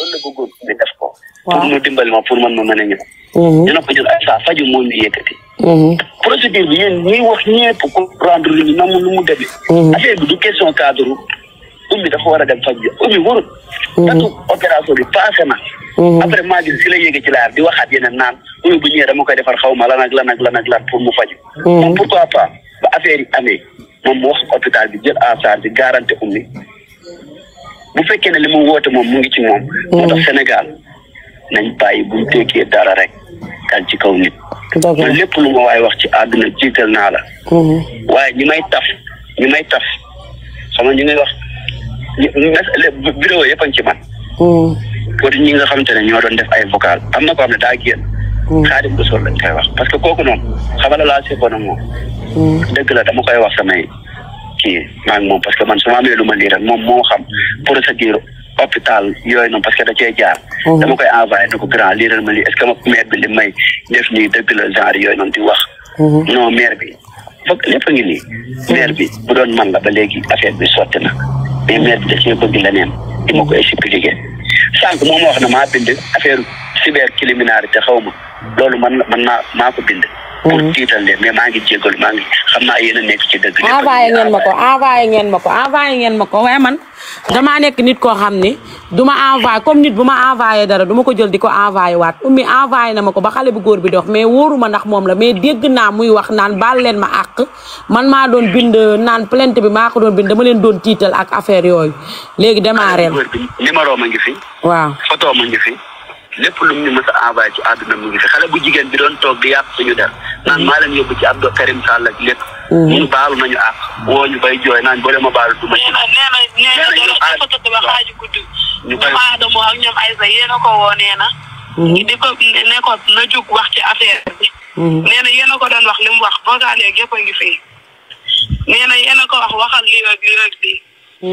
la bëggoon def ko. pour mu dimbali ma pour man ma mën a ñëw. ñu mm-hmm. ko ñun ay saa faju moo ñu yëkkati. procédure bi ñuy ñiy wax ñëpp comprendre lu ñu namu nu mu demee. Mhm. affaire bi du question cadre ummi dafa war a dem faj bi ummi warut. Mhm. datu opération bi passé na. Mhm. après maa gis si la yéegee ci laar di waxaat yeneen naan ummi bu ñëwee dama koy defar xaw ma lan ak lan ak lan ak pour mu faj. moom pourquoi pas ba affaire yi moom mu wax hôpital bi jël en charge garanti ummi bu fekkee ne li mu woote moom mu ngi ci moom. moo tax Sénégal nañ bàyyi buñ tekkee dara rek. dal ci kaw nit man lépp lu ma waaye wax ci àdduna jiital naa la mm-hmm. waaye ñi may taf ñi may taf sama ñi ngay wax vidéo yëppañ ci man mm-hmm. pour ñi nga xamante ne ñoo doon def ay vocal am na ko xam ne daa génn mm-hmm. xaadim bu sol lañ koy wax parce que kooku moom xamala laa sekoon ak moom dëgg la dama koy wax samay may maa ngi moom parce que man su ma amee lu ma lii rek moom moo xam procédure hôpital yooyu noonu parce que da cee jaar. Mhm. dama koy envoyé ne ko grand liiral ma lii est ce que ma maire bi li may def nii dëgg la genre yooyu noonu di wax. Mhm. non maire bi foog lépp a ngi nii. maire bi bu doon man la ba léegi affaire bi sotti na mais maire bi da cee bëgg leneen di ma ko expliqué sànq moom wax na maa bind affaire te xaw ma loolu man man maa maa ko bind. pour mm-hmm. tiital leen mais xam naa yéen a nekk ci dëgg. envoyé ngeen ma ko envoyé ngeen ma ko envoyé ngeen ma ko waaye man damaa nekk nit koo xam ni du ma envoyé comme nit bu ma envoyé dara duma ko jël di ko envoyé waat ummi envoyé na ma ko ba xale bu góor bi dox mais wóoru ndax moom la mais dégg naa muy wax naan baal leen ma àq man maa doon bind naan plainte bi maa ko doon bind dama leen doon tiital ak affaire yooyu léegi démarré. numéro ma ngi lépp lu mu ñu mës a envoyé ci àdduna mu ngi fi xale bu jigéen bi doon toog di yàq suñu der naan maa leen yóbbu ci Abdou Karim Sall ak lépp. Mm-hmm. ñun baalu nañu àq. woo ñu bay jooy naan boole ma baalu du ma ci. nee na nee na dafa tëdd ba xaaju guddi. ñu koy ñoom Adamo ak ñoom Aysa yéen a ko woo nee na. Mm-hmm. di ko ne ko na jóg wax ci affaire bi. Mm-hmm. nee na yéen a ko doon wax li mu wax vocal yeeg yëpp a ngi fii. nee na yéen a ko wax waxal lii ak lii ak lii.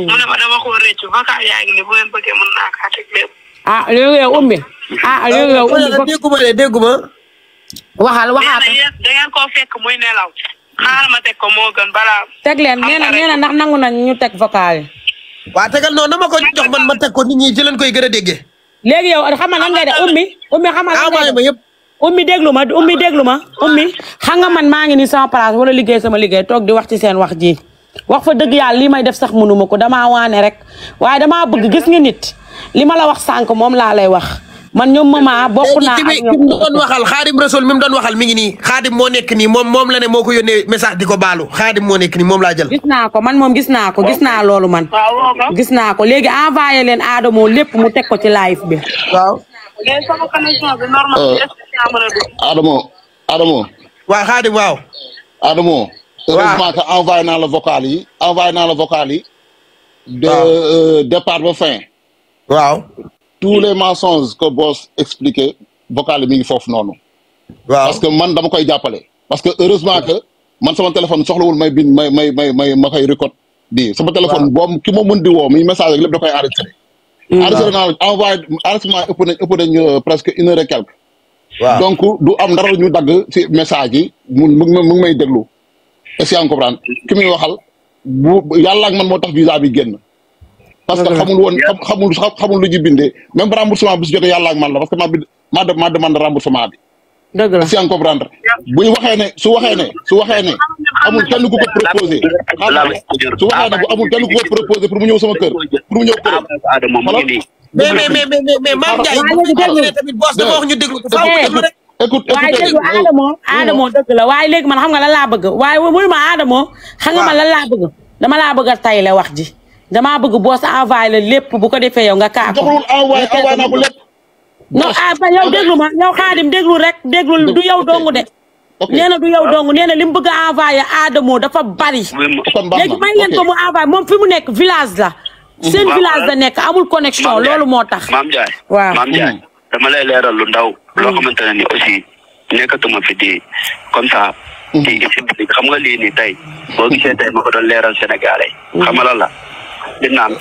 mu ne ma dama ko rëcc vocal yaa ngi nii bu ngeen bëggee mën naa kaa teg lépp. ah léegi yow ummi. Ah, ah léegi yow ummi ko dégguma de dégguma. ma teg ko moo gën balaa. teg leen nee na nee ndax nangu nañ ñu teg vocal yi. waa tegal noonu na ma ko jox man ma teg ko nit ñi ci leen koy gën a léegi yow xam nga lan ngay def ummi. ummi xam nga lan ngay ah, def ummi déglu ma ummi déglu ma ummi xam nga man maa ngi nii sama place wala liggéey sama liggéey toog di wax ci seen wax ji wax fa dëgg yàlla lii may def sax mënuma ko damaa waane rek waaye damaa bëgg gis nga nit li ma la wax sànq moom laa lay wax man ñoom mama bokk naa ak ñoom doon waxal xaadim rasul mi mu doon waxal mi ngi nii xaadim moo nekk nii moom moom la ne moo ko yónnee message di ko baalu xaadim moo nekk nii moom laa jël gis naa ko man moom gis naa ko gis naa loolu man gis naa ko léegi envoyé leen Adamo lépp mu teg ko ci live bi waaw euh, Adamo Adamo waaw xaadim waaw Adamo heureusement que envoyé naa la vocal yi envoyé naa waaw tous les mensonges que Boss expliqué vocal mi ngi foofu noonu. waaw parce que man dama koy jàppale. parce que heureusement que man sama téléphone soxlawul may bind may may may may ma koy record bi sama téléphone boom ki ma mën di woo mi message rek lépp koy enregistré. Hmm. enregistré naa envoyé enregistrement ëpp nañ ëpp nañ euh, presque une heure waaw donc du am dara ñu dagg si message yi mu mu may déglu. est-ce que yaa ngi ki muy waxal bu yàlla man moo tax visa bi génna parce que xamul woon xamul xamul lu ñu bindee même remboursement bi su jógee yàlla ak man la parce que maa bind maa de maa demande remboursement bi. dëgg la si en comprendre bu ñu waxee ne su waxee ne su waxee ne amul kenn ku ko proposé su waxee ne bu pour mu ñëw sama kër pour mu ñëw kër ah, ah, mais mais mais mais la waaye léegi man xam nga lan laa bëgg waaye muy ma Adamo xam nga man lan bëgg dama laa bëgg a la wax ji damaa bëgg boos envoyé la lépp bu ko defee yow nga kaa ko. joxul envoyé envoyé naa ko lépp. non ah yow déglu rek déglu du yow dong de. nee na du yow ah. dong nee li mu bëgg a envoyé Adamo dafa bari. léegi may leen ko mu moom fi mu nekk village la. Mm-hmm. seen village la nekk amul connexion loolu moo tax. maam Ndiaye waaw mm-hmm. dama lay leeral lu ndaw. loo mm-hmm. xamante ne ni aussi nekkatuma fi di comme ça. di xam nga lii nii tey. boo gisee tey ma ko doon leeral Sénégalais. la. di naan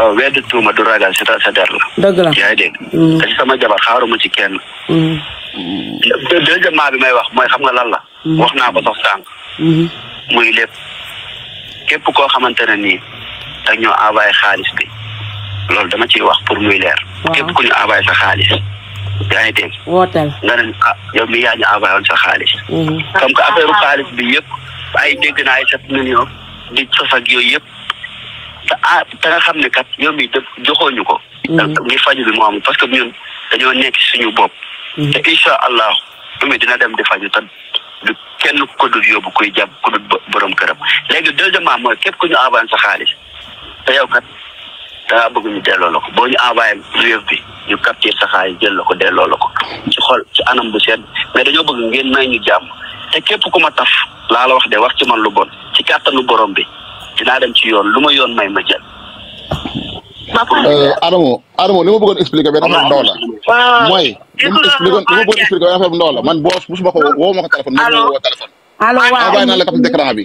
euh, weddi tuuma du ragal si ta sa der la. dëgg la yaa ngi dégg. Mm. ma jabar xaaruma ci kenn. Mm. Mm. deuxièmement bi may wax mooy xam nga lan la. wax naa ko sax sànq. Mm-hmm. muy lépp képp koo xamante ne nii da ñoo envoyé xaalis bi loolu dama ciy wax pour muy leer. képp ku ñu envoyé sa xaalis. yaa ngi dégg. wooteel nga ne ah yow mii yaa ñu envoyé woon sa xaalis. Mm-hmm. comme que affaire xaalis bi yëpp ay dégg naa ay sept millions di sos yooyu yëpp. te ah te xam ne kat ñoom it joxooñu ko. ñu mm-hmm. faju bi moo am parce que ñun dañoo nekk suñu bopp. Mm-hmm. te incha allah ñoom dina dem di faju ta du kenn ko dul yóbbu kuy jàpp ku dul borom këram léegi deuxièmement mooy képp ku ñu avancé xaalis te yow kat dangaa bëgg ñu delloo la ko boo ñu envoyé réew bi ñu capté sa xaalis jël la ko delloo la ko ci ci anam bu sedd mais dañoo bëgg ngeen may ñu jàmm te képp ku ma taf laa wax de wax ci man lu bon ci kàttanu borom bi. ci naa dem ci yoon lu ma yoon may ma jël. Adamo Adamo li ma bëggoon expliquer benn affaire ndaw la ah, mooy man boos musuma ko ah. woo ma ko téléphone man ma woo téléphone. allo waaw envoyé naa la carte d'écran bi.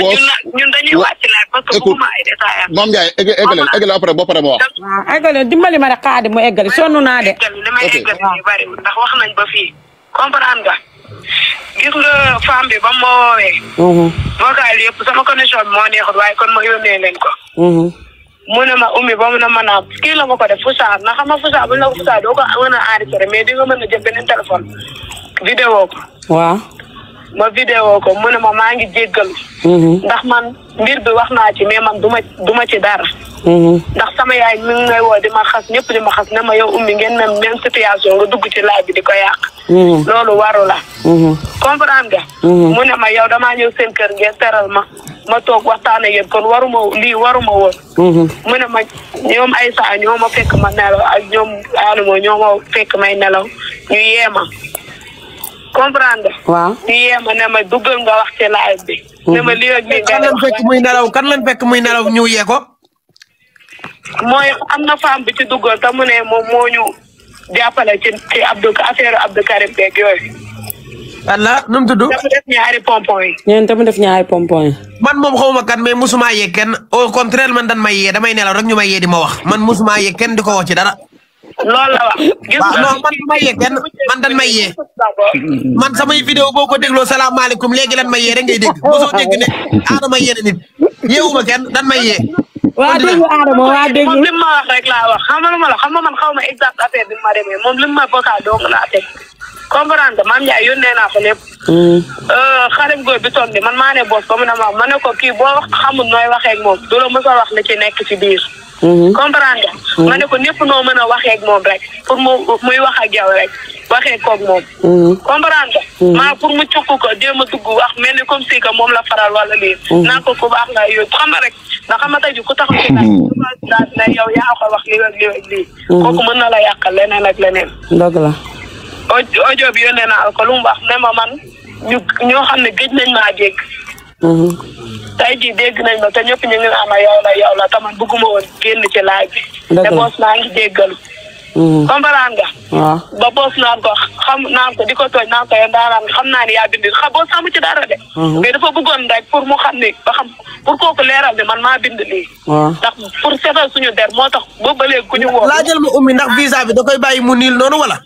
boos écoute moom Ndiaye après boo paree ma wax. waaw ah, eggale dimbali ma rek xaadi mu eggale sonn naa de. ok waaw. gis nga femme bi ba mu ma woowee. Mhm. vocal yëpp sama connexion bi moo neexul waaye kon ma yónnee leen ko. Mhm. mu ne ma ummi ba mu ne ma na kii la ma ko def Fousa na xam nga Fousa bu ñu la ko Fousa doo ko mën a enregistré mais di nga mën a jël beneen téléphone vidéo ko. waaw. ma vidéo ko mu ne ma maa ngi jéggal mm-hmm. ndax man mbir bi wax naa ci mais man du ma du ma ci dara mm-hmm. ndax sama yaay mi ngi ngay woo di ma xas ñëpp di ma xas ne ma yow ummi ngeen même même situation nga dugg ci laaj bi di ko yàq mm-hmm. loolu waru la comprendre mu ne ma yow damaa ñëw seen kër ngeen teral ma ma toog waxtaan ak yéen kon waruma lii waruma woon mu ne ma ñoom ay saa ñoo ma fekk ma nelaw ak ñoom aanuma ñoo ma fekk may nelaw ñu yee comprendre waaw di yeema ne ma duggal nga wax ci live bi. ne ma lii rek kan lañ fekk muy nelaw kan lañ fekk muy nelaw ñu yee ko. mooy am na femme bi ci duggal te mu ne moom moo ñu jàppale ci ci Abdou affaire Abdou Karim beeg yooyu. walla nu mu tudd. ñaari pompon yi. ñeen tamit def ñaari pompon yi. man moom xawma kan mais musuma yee kenn au contraire man dan may yee damay nelaw rek ñu may yee di ma wax man musuma yee kenn di ko wax ci dara. loolu la wax. gis nga man may yee kenn man dan may yee. man samay vidéo boo ko dégloo salaamaaleykum léegi lan may yee rek ngay dégg mosoo dégg ne aadama yee na nit yeewuma kenn dan may moom li ma wax rek la wax xam ma la xam nga man xaw ma exact affaire bi ma demee moom li ma vocal dong laa teg comprendre nga maam Ndiaye yónnee naa ko lép mm. euh, xale bu góor bi toog ni man maa ne boos ba mu ne ma ma ne ko kii boo xamul nooy waxee moom du la mos a wax li ci nekk ci biir. Mm-hmm. comprendre nga. Mm-hmm. ma ne ko ñëpp noo mën a waxee ak moom rek pour mu muy wax ak yow rek waxee kook moom. Mm-hmm. comprendre nga. maa pour mu cukk ko jéem a dugg wax mel ni comme si moom la faral wala lii. naa ko ku baax nga yóbbu xam nga rek nga xam nga tey jii ku tax ci nag. daal ne yow yaa ko wax lii ak lii ak lii. kooku mën na la yàqal leneen ak leneen. dëgg la. audio bi yónnee naa ko lu mu wax ne ma man ñu ñoo xam ne gëj nañ maa jégg. tey jii dégg nañ ma te ñëpp ñu ngi naan ma yow la yow la bëgguma woon génn ci laaj bi. te boos naa ngi déggalu. Mm. comprendre nga. waaw ba boos naan ko xam naan ko di ko tooñ naan ko yow daanaka xam naa ne yaa bind xa boos xamu ci dara de. Mm-hmm. mais dafa bëggoon rek pour mu xam ne ba xam pour kooku leeral ne man maa bind lii. waaw ndax pour seetal suñu der moo tax ba ba léegi ku ñu woo. laajal ma ummi ndax visa bi da koy bàyyi mu niil noonu wala.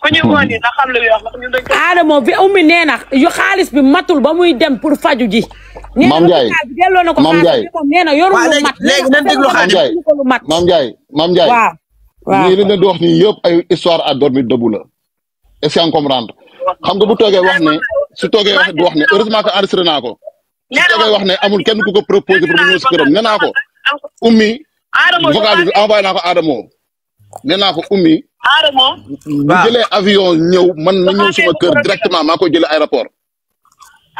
ku ñu woon na xam [LAUGHS] Adamo bi ummi nee xaalis bi matul ba muy dem pour faju ji. Maam Ndiaye delloo na ko xaalis bi moom Maam Ndiaye Maam Ndiaye. waaw waaw lii li leen di wax nii yëpp ay histoire à dormir debout la comprendre xam nga bu toogee wax ne su toogee wax di wax ne heureusement que enregistré naa ko su wax ne amul kenn ku ko proposé pour këram nee naa ko ummi vocal bi envoyé naa ko Adamo nee ummi Adama. bu jëlee avion ñëw man na ñëw suma kër directement maa koy jëlee aéroport.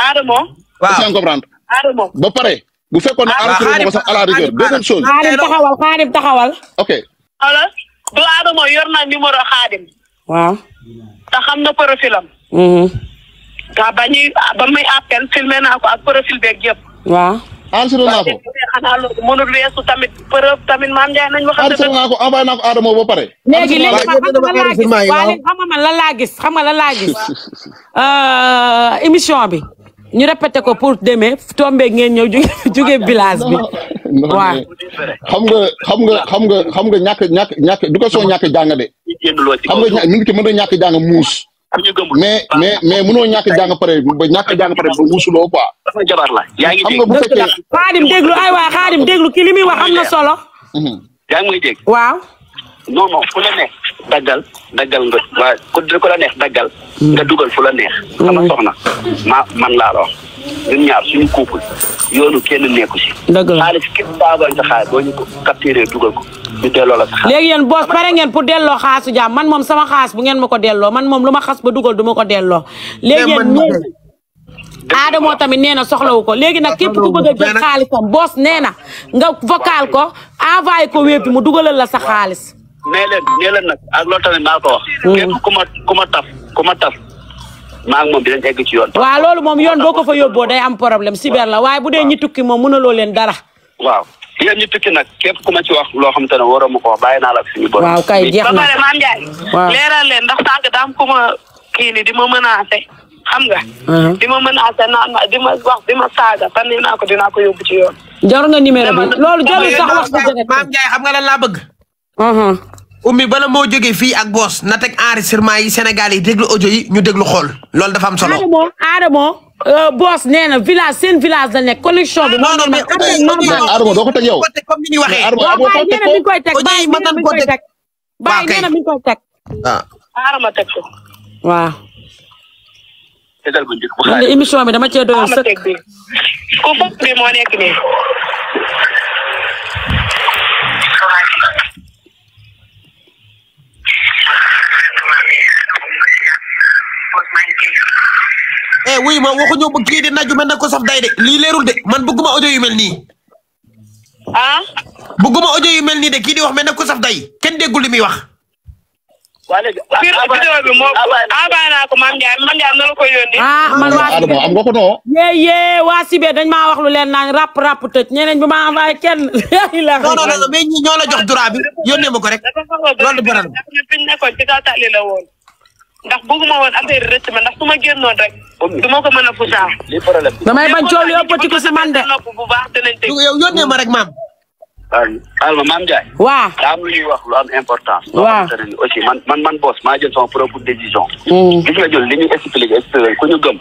Adama. waaw c'est comprendre. Adama pare. bu fekkoon ne enregistré ma a à la rigueur deuxième chose. Xaadim taxawal Xaadim taxawal. ok. alors du Adama yor naa numéro Xaadim. waaw. te xam na profilam. te mhm. ba ñuy ba muy appel filmé ko ak profil beeg yëpp. waaw. enregistré naa ko xanaa loolu mënul weesu tamit preuve tamit maam Ndiaye nañ wax enregistré naa ko envoyé naa ko Adama ba pare léegi léegi xam nga lan laa gis xam nga lan laa gis [LAUGHS] euh, émission bi ñu répété ko pour demee tombe ngeen ñëw jóge jóge village bi waaw xam nga xam nga xam nga xam nga ñàkk ñàkk ñàkk du ko soo ñàkk jàng de xam nga ñu ngi ci mën a ñàkk jàng muus am ñu gëmul. mais mais mais mënoo ñàkk pare ba ñàkk a jàng pare ba wusuloo quoi. dafa jabar la yaa ngi dégg. xam nga bu fekkee xaadim déglu ay waay xaadim déglu ki li muy wax na solo. Mhm. yaa ngi may dégg. waaw. non non fu la neex daggal daggal nga waaye ku la neex daggal. Mm. nga dugal fu la neex. sama mm. soxna ma man laa la wax. ñun ñaar suñu couple yoonu kenn nekku si. dëgg la xaalis képp baabal sa xaalis boo dugal ko ñu delloo la sa léegi yéen boos pare ngeen pour delloo xaasu jaam man moom sama xaas bu ngeen ma ko delloo man moom lu ma xas ba dugal du ma ko delloo. léegi yéen ñun Adamo tamit nee na soxlawu ko léegi nag képp ku bëgg a jël xaalisam boos nee na nga vocal ko envoyé ko wépp mu dugalal la sax xaalis. nee leen nag ak lool tamit maa ko wax. Hmm. képp ku ma ku ku ma taf. maa ngi moom dinañ egg ci yoon. waaw loolu moom yoon boo ko fa yóbboo day am problème cyber la waaye bu dee ñi tukki moom mënaloo leen dara. waaw yéen ñi tukki na képp ku ma ci wax loo xam te ne waroo ma ko wax bàyyi naa la ak suñu borom. waaw kay jeex na ba pare maam Ndiaye. waaw leeral leen ndax sànq daa am ku ma kii nii di ma menacé xam nga. Uh-huh. di ma menacé naan ma di ma wax di ma saaga te nee naa ko dinaa ko yóbbu ci yoon. jarul nga numéro bi loolu jarul sax wax. maam Ndiaye xam nga lan laa bëgg. Uh-huh. ummi bala moo jógee fii ak boos na teg enregistrement yi Sénégal yi déglu audio yi ñu déglu xool loolu dafa am solo. Adamo Adamo boos nee na village seen village la nekk collection bi. non non mais Adamo doo ko teg yow. comme ni ñu waxee. waaw nee na mi ngi koy teg Baye nee na mi ngi koy teg Baye nee na mi bi dama cee doyoo sëkk. eh wuy ma waxuñu ba kii di mel na ko saf day de lii leerul de man bëgguma ojo yu mel nii. ah. bëgguma audio yu mel nii de kii di wax mel na ko saf day kenn déggul li muy wax. waa léegi ah, vidéo bi moo abaa naa ko maam Ndiaye maam na la ko yónnee. ah man waa noo. yee yee waa Sibé dañ maa wax lu leen naan rap rap tëj ñeneen bi ma envoyé kenn. [LAUGHS] non non non mais ñi la jox droit bi yónnee ko rek. loolu du bëri na. fi ndax bëgguma woon affaire rëcc ma ndax su ma génnoon rek. du ma ko mën a fusaa. lii problème bi damay bañ coow yëpp ci ko si man de. bu baax danañ teg yow yónnee ma rek maam. Ah, alma maam Ndiaye. waaw daa lu ñuy wax lu am importance. waaw aussi man man man boss maa jël sama propre décision. Hmm. gis nga jël li ñu expliqué expliqué ku ñu gëm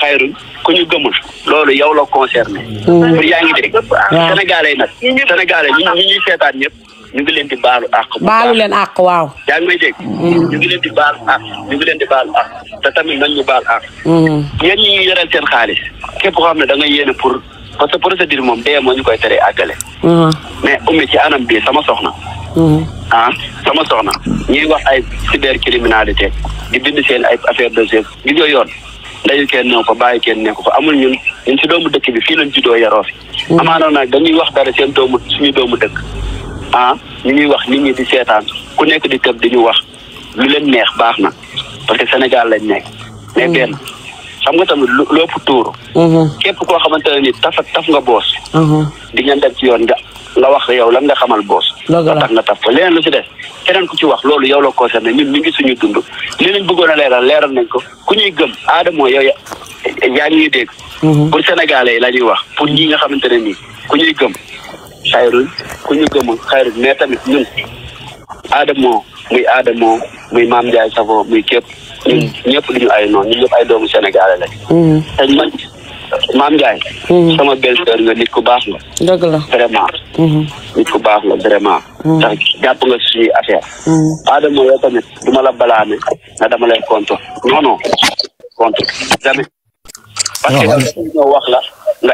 xayrul ku ñu gëmul. loolu yow loo concerné. pour hmm. yaa ngi dégg. waaw Sénégalais nag. Sénégalais ñi ñuy seetaan ñëpp. ñu ngi leen di baalu àq. baalu leen àq waaw. yaa ngi may dégg. Mm. ñu ngi leen di baalu àq ñu ngi leen di baalu àq te tamit nañ ñu baal àq. Mm. yéen ñi ñuy yoreel seen xaalis képp koo xam ne da nga yéene pour parce que procédure moom dee moo ñu koy teree àggale. Mm. mais ummi ci anam bii sama soxna. ah sama soxna ñuy wax ay cybercriminalité di bind seen ay affaire de geste gis nga yoon. ndayu kenn néew ko bàyyi kenn nekk ko amul ñun ñun si doomu dëkk bi fii lañ juddoo yaroo fi. amaana nag dañuy wax dara seen doomu suñu doomu dëkk. ah ñu ñuy wax nit ñi di seetaan ku nekk di tëb di ñu wax lu leen neex baax na parce que Sénégal lañ nekk. mais mm. benn xam nga tamit lu lépp tuuru. Mm-hmm. képp koo xamante ne ni taf taf nga boos. Mm-hmm. di ngeen dem ci yoon nga nga wax yow lan nga xamal boos. loolu tax nga taf ko leneen lu ci def keneen ku ci wax loolu yow la concerné ñun ñu ngi suñu dund. li leen bëggoon a leeral leeral nañ ko ku ñuy gëm aadama yow yaa ngi ñuy dégg. Mm-hmm. pour sénégalais yi la ñuy wax pour ñi nga xamante ne nii ku ñuy gëm. xayrul ku ñu gëm xayrul mais tamit ñun aadamoo muy aadamoo muy maam Ndiaye Savon muy képp ñun mm. ñëpp du ñu ay noonu ñun ñëpp ay doomu Sénégalais lañ. Mm. te man maam Ndiaye. Mm. sama belle nga nit ku baax la. dëgg la vraiment. Mm-hmm. nit ku baax la vraiment. ndax jàpp nga si suñuy affaire. aadamoo yow tamit du ma la balaame na dama lay compte non non compte jamais. parce que ah, li wax la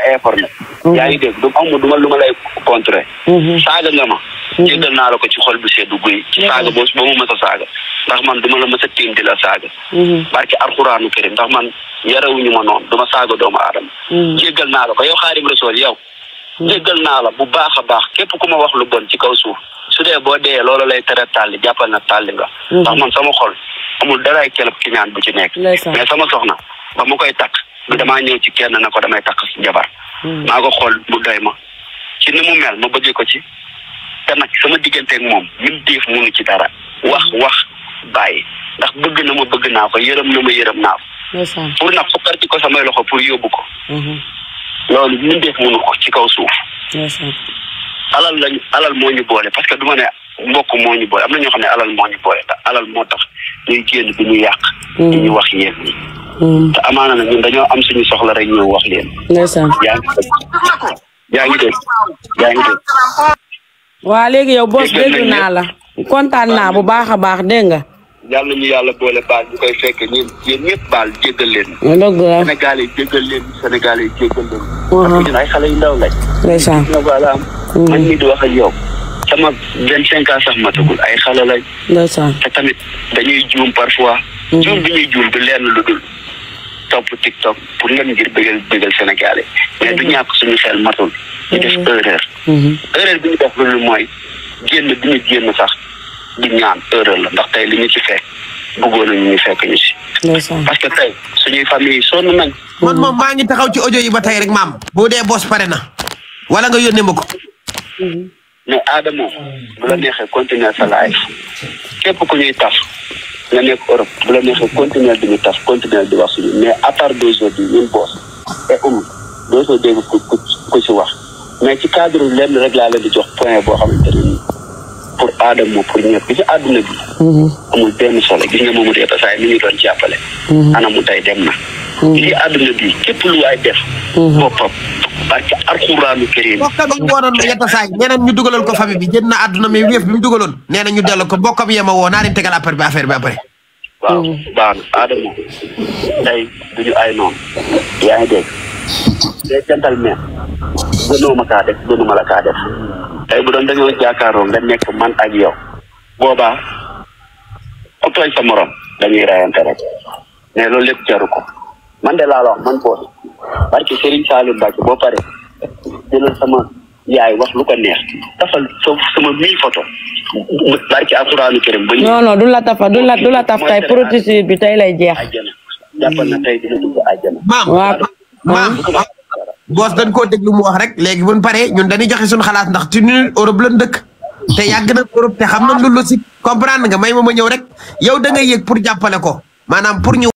nga informé. Mhm. yaa ngi dégg du amul du ma lu ma lay contrer. Mhm. saaga nga ma. Mhm. jéggal naa la ko ci xol bu seddu guy. ci saaga boo ba mu a saaga. ndax man du la mës a tiim di la saaga. barki alxuraanu karim ndax man yarewuñu ma noonu du ma saaga doomu aadama. jéggal naa la ko yow xaarim rasool yow. jéggal naa la bu baax a baax képp ku ma wax lu bon ci kaw suuf su dee boo dee loolu lay tere tàlli jàppal na tàlli nga. ndax man sama xol amul daraay kelab ki ñaan du damaa ñëw ci kenn na ko damay takk jabar hmm. maa ko xool bu day ma ci ni mu mel ma bëggee ko ci te nag sama digganteeg moom min déef munu ci dara wax hmm. wax bàyyi ndax bëgg na ma bëgg naa ko yërëm na ma yërëm naa ko pour nag fukkar ci ko samay loxo pour yóbbu ko hmm. loolu min déef munu ko ci kaw suuf alal lañ alal moo ñu boole parce que du ma ne mbokk moo ñu boole am na ñoo xam ne alal moo ñu boole te alal moo tax ñuy génn bi ñu yàq di ñu wax yéen ñi Mm. te amaana nag ñun dañoo am suñu soxla rek ñëw wax leen. ndeysaan yaa ngi dégg yaa ngi dégg yaa waa léegi yow boss dégg naa la kontaan naa bu baax a baax dégg nga. yàlla ñu yàlla boole baal ñu koy fekk ñun yéen ñëpp baal jéggal leen. dëgg leen Sénégal yi jéggal leen. Uh-huh. parce que ñun yu ndaw lañ. ndeysaan mm-hmm. man mii di wax ak yow. sama vingt cinq ans sax matagul ay xale lañ. ndeysaan te tamit dañuy juum parfois. Mm-hmm. juum bi ñuy juum bi lenn lu dul. topp TikTok pour lan ngir bëggal bëggal Sénégalais mais du ñàkk suñu xel matul ñu def mhm. erreur mhm. erreur bi ñu def loolu mooy génn bi ñu génn sax du ñaan erreur la ndax tey li ñu ci fekk bëggoon nañu ñu fekk ñu si parce que tey suñuy famille sonn nañ man moom maa ngi taxaw ci audio yi ba tey rek maam boo dee boos pare na wala nga yónnee ma ko mais aada moom bu la neexee continuer sa life képp ku ñuy taf na nekk Europe bu la neexee continuer di ñu tax continuer di wax suñu mais à part deux jours bi ñun boos te amul doo soo dégg ku ku si wax mais ci cadre lenn rek laa leen di jox point boo xamante ne nii pour aadam moom pour ñëpp bi ci àdduna bi mhm. amul benn solo gis nga Mamadou Ibra Faye mi ñu doon jàppale mhm. ana mu tey dem na Mm-hmm. ci àdduna bi képp lu waay def. Mm-hmm. boppam parce que alxuraanu karim. bokkam yi ñu woonoon ma yetta saay ñeneen ñu dugaloon ko famille bi jënd na àdduna mi wéef bi mu dugaloon nee na ñu dellu ko bokkam yema woo naa leen tegal affaire bi affaire bi après. waaw mm-hmm. baax na Adama tey du ñu ay noonu. yaa ngi dégg. tey gentleman gënoo ma kaa def gënu ma la kaa def. tey bu doon dañoo jàkkaarloo nga nekk man ak yow. boobaa ku tooñ sa morom dañuy rayante rek mais loolu lépp jaru ko. man de la wax man Pod parce que Serigne Saliou Mbacke boo pare jëlal sama yaay wax lu ko neex tafal sama mille photo barke alxuraanu ba non non du la tafa du la du la taf tey bi tey lay jeex. jàppal na tey dina dugg àjjana. maam maam boos dañ koo déglu mu wax rek léegi bu ñu ñun dañuy joxe suñu xalaat ndax ci o Europe lañ dëkk te yàgg na Europe te xam na lu lu si comprendre nga may ma ma ñëw rek yow da ngay yëg pour jàppale ko maanaam pour ñu.